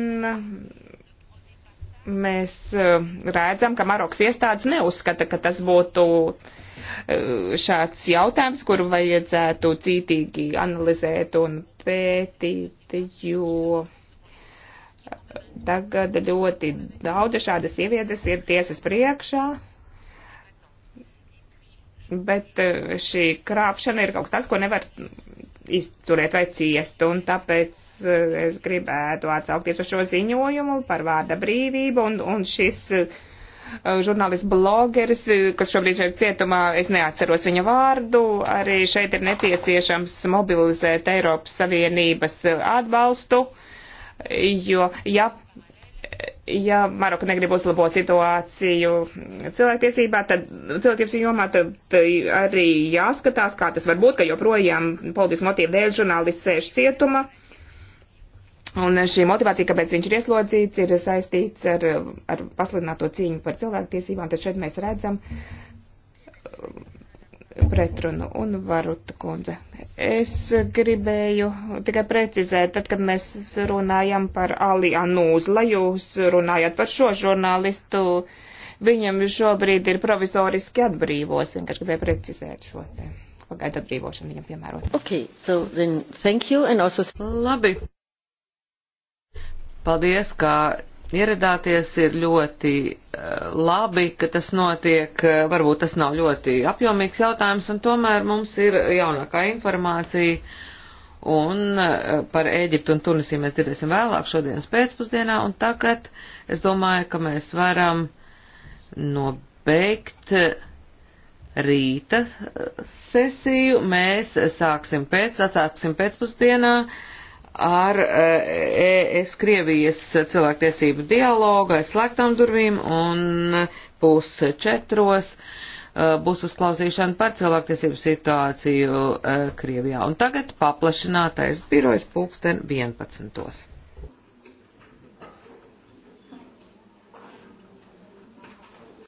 mēs eh, redzam, ka Marokas iestādes neuzskata, ka tas būtu eh, šāds jautājums, kuru vajadzētu cītīgi analizēt un pētīt, jo tagad ļoti daudz šādas sievietes ir tiesas priekšā bet e, šī krāpšana ir kaut kas tāds, ko nevar izturēt vai ciest, un tāpēc e, es gribētu atsaukties uz šo ziņojumu par vārda brīvību, un, un šis e, žurnālists blogeris, kas šobrīd šeit cietumā, es neatceros viņa vārdu, arī šeit ir nepieciešams mobilizēt Eiropas Savienības atbalstu, jo, ja ja Maroka negrib uzlabot situāciju cilvēktiesībā, tad cilvēktiesību jomā, tad arī jāskatās, kā tas var būt, ka joprojām politiski motīvu dēļ žurnālists sēž cietumā. Un šī motivācija, kāpēc viņš ir ieslodzīts, ir saistīts ar, ar pasludināto cīņu par cilvēktiesībām. Tad šeit mēs redzam pretrunu un varut kundze. Es gribēju tikai precizēt, tad, kad mēs runājam par Ali Anūzu, lai jūs runājat par šo žurnālistu, viņam šobrīd ir provizoriski atbrīvos, vienkārši gribēju precizēt šo te pagaidu atbrīvošanu viņam piemērot. Ok, so then thank you and also... Labi. Paldies, ka ieradāties, ir ļoti eh, labi, ka tas notiek. Eh, varbūt tas nav ļoti apjomīgs jautājums, un tomēr mums ir jaunākā informācija. Un eh, par Ēģiptu un Tunisiju mēs dzirdēsim vēlāk šodienas pēcpusdienā, un tagad es domāju, ka mēs varam nobeigt rīta sesiju. Mēs sāksim pēc, atsāksim pēcpusdienā. Uh, ar ES eh, e Krievijas cilvēktiesību dialogu aiz slēgtām durvīm un būs četros eh, būs uzklausīšana par cilvēktiesību situāciju eh, Krievijā. Un tagad paplašinātais birojas pulksten 11.